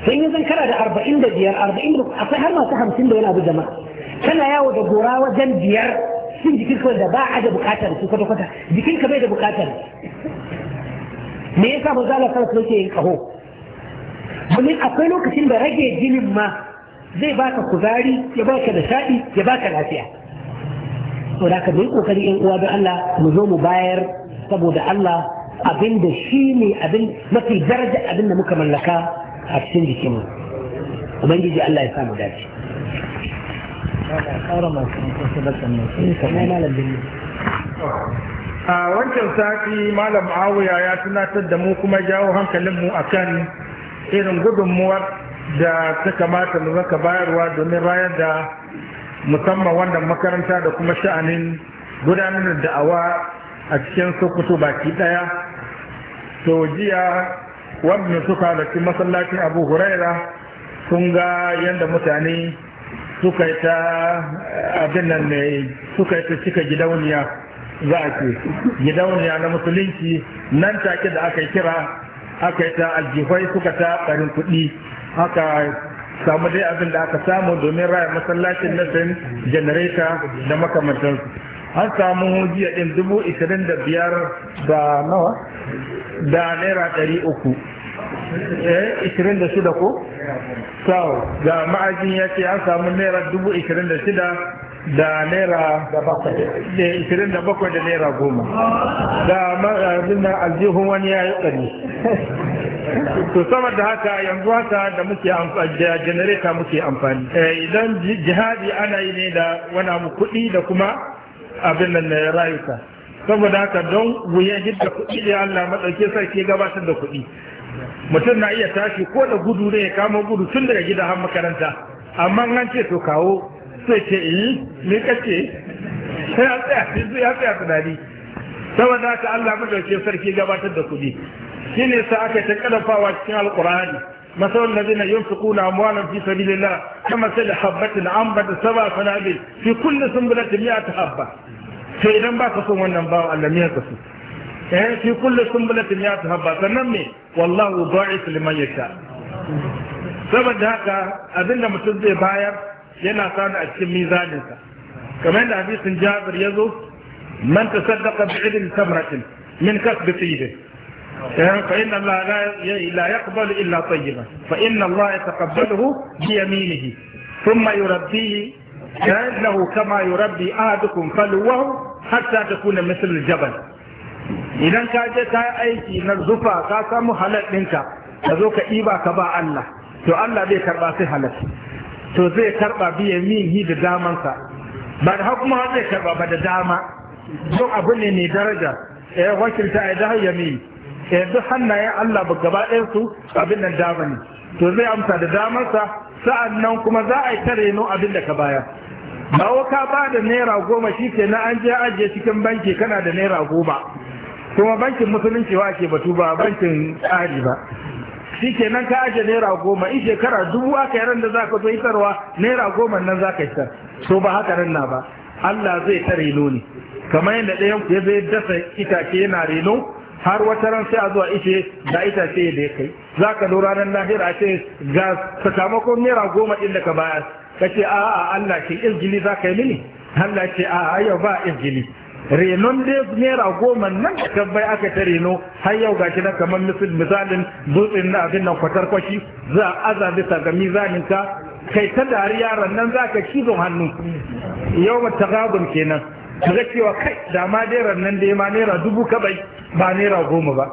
A: sai yanzu kana da arba'in da biyar arba'in da akwai har masu hamsin da wani abu jama'a kana yawo da gora wajen biyar sun jikin kawai da ba a da bukatar su kwata-kwata jikin ka bai da bukatar me yasa manzo Allah sallallahu alaihi yin kaho domin akwai lokacin da rage jinin ma zai baka kuzari ya baka nishadi ya baka lafiya to da ka bai kokari yan uwa don Allah mu zo mu bayar saboda Allah abin da shi ne abin mafi daraja abin da muka mallaka a cikin jikinmu ubangiji Allah ya samu dace ƙara masu kusa da
D: a wancan sati malam awuya ya tunatar da mu kuma jawo hankalinmu a kan irin gudunmuwar da ta kamata mu zaka bayarwa domin rayar da musamman wannan makaranta da kuma sha'anin gudanar da da'awa a cikin sokoto baki daya to jiya wannan suka halarci masallacin abu huraira sun ga yadda mutane suka yi ta abin nan ne suka yi ta cika gidauniya za a ce gidauniya na musulunci nan take da aka kira aka yi ta aljihwai suka ta ɓarin kuɗi aka samu dai abin da aka samu domin raya masallacin nasin janareta da makamantansu an samu jiya ɗin dubu ishirin da biyar da nawa da naira ɗari uku eh ishirin da shida ko? sau ga ma'ajin ya ce an samu naira dubu ishirin da shida da naira ishirin da bakwai da naira goma da abin da aljihun wani ya yi tsari [LAUGHS] to sama da haka yanzu haka da muke amfani da janareta muke amfani eh, idan jihadi ana yi ne da wani abu kuɗi da kuma abin nan na eh, rayuka saboda haka don wuyan hidda kuɗi da Allah matsauke sarki gabatar da kuɗi mutum na iya tashi ko da gudu ne ya kama gudu tun daga gida har makaranta amma an ce to kawo sai ke yi ne kake sai a tsaya sai zuwa tsaya tunani saboda haka Allah madaukakin sarki gabatar da kudi shine sa aka ta kalafawa cikin alqur'ani masalan ladina yunfiquna amwalan fi sabilillah kama sal habatin ambat sab'a sanabil fi kulli sunbulatin mi'at habba sai idan baka son wannan bawo Allah ne ka so eh fi kulli sunbulatin mi'at habba sannan me wallahu da'if liman yasha saboda haka abinda mutum zai bayar yana sani a cikin mizaninsa kamar yadda hadisin jabir ya zo man tasaddaqa bi idin tamratin min kasbi tayyibin fa inna Allah la yaqbalu illa tayyiban fa inna Allah yataqabbaluhu bi yaminihi thumma yurabbihi كأنه كما يربي أحدكم فلوه حتى تكون مثل الجبل idan ka je ka aiki na zufa ka samu halal ɗinka ka zo ka iba ka ba Allah to Allah zai karɓa sai halal to zai karba min hi da damansa ba da haku ma zai karba ba da dama don abu ne mai daraja ya eh, wakilta a da hayya mi ya eh, duk hannayen Allah ba gaba ɗaya su abin nan dama ne to zai amsa da damansa sa'an nan kuma za a yi tare no abin da ka baya ba ka ba da naira goma shi ke na an je ajiye cikin banki kana da naira goma kuma bankin musulunci wa ke batu ba bankin tsari ba shi nan ka aje naira goma in shekara dubu aka yaran da ka zo isarwa naira goma nan ka isar so ba haka nan na ba Allah zai ta reno ne kamar yadda ɗayan ya zai dasa itace yana reno har wata ran sai a zuwa ice da itace da ya kai za ka zo ranar lahira ce ga sakamakon naira goma ɗin da ka bayar ka ce a'a Allah ke izgili za ka yi mini Allah ce a'a yau ba izgili renon dai naira goma nan da bai aka ta reno har yau ga na kamar misal misalin dutsen na abin nan kwatar kwashi za azabi aza bisa ga mizanin ka kai ta dari yaran nan za ka cizon hannu yau ba ta kenan ga cewa kai da ma dai nan dai ma naira dubu kabai ba naira goma ba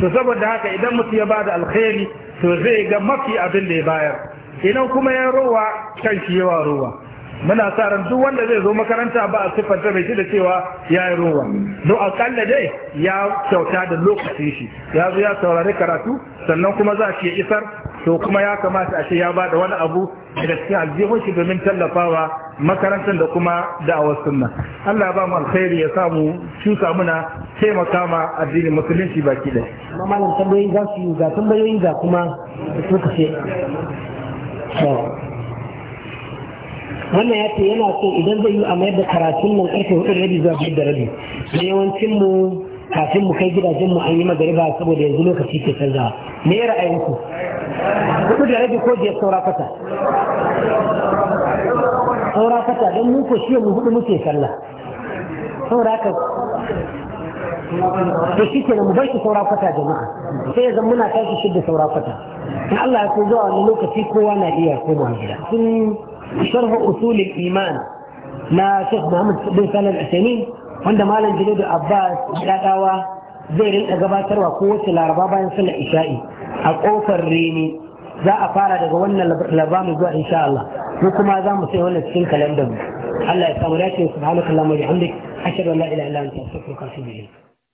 D: to saboda haka idan mutum ya bada da alkhairi to zai ga mafi abin da ya bayar idan kuma ya rowa kan shi yawa rowa muna sa ran duk wanda zai zo makaranta ba a siffanta mai shi da cewa ya yi ruwa don akalla dai ya kyauta da lokacin shi ya zo ya saurari karatu sannan kuma za shi isar to kuma ya kamata a ce ya ba da wani abu da cikin aljihun shi domin tallafawa makarantar da kuma da'awar sunna Allah ba mu alkhairi ya samu cusa muna taimaka ma addinin musulunci baki ɗaya.
A: Malam tambayoyin za su yi ga tambayoyin ga kuma su ce. wannan ya ce yana so idan zai yi a mayar da karatun nan karfe hudu rabi zuwa biyar da rabi da yawancin mu kafin mu kai gidajen mu an yi magariba saboda yanzu lokaci ke canza me ya ra'ayinku hudu da rabi ko biyar saura fata saura fata don mu ko shi mu hudu muke sallah saura ka to shi ke mu bar shi saura kwata jama'a sai ya muna tashi shidda saura fata in Allah ya so zuwa wani lokaci kowa na iya komawa gida sharh usul iman na Sheikh Muhammad bin Salih al wanda mallam Jalil Abbas ya dawa zai rinka gabatarwa kowace laraba bayan sallar isha'i a ƙofar reni za fara daga wannan laraba mu zuwa insha Allah ko kuma za mu sai wannan cikin kalandar mu. Allah ya samu dace subhanakallahumma wa bihamdik ashhadu an la ilaha illa anta astaghfiruka wa atubu ilayk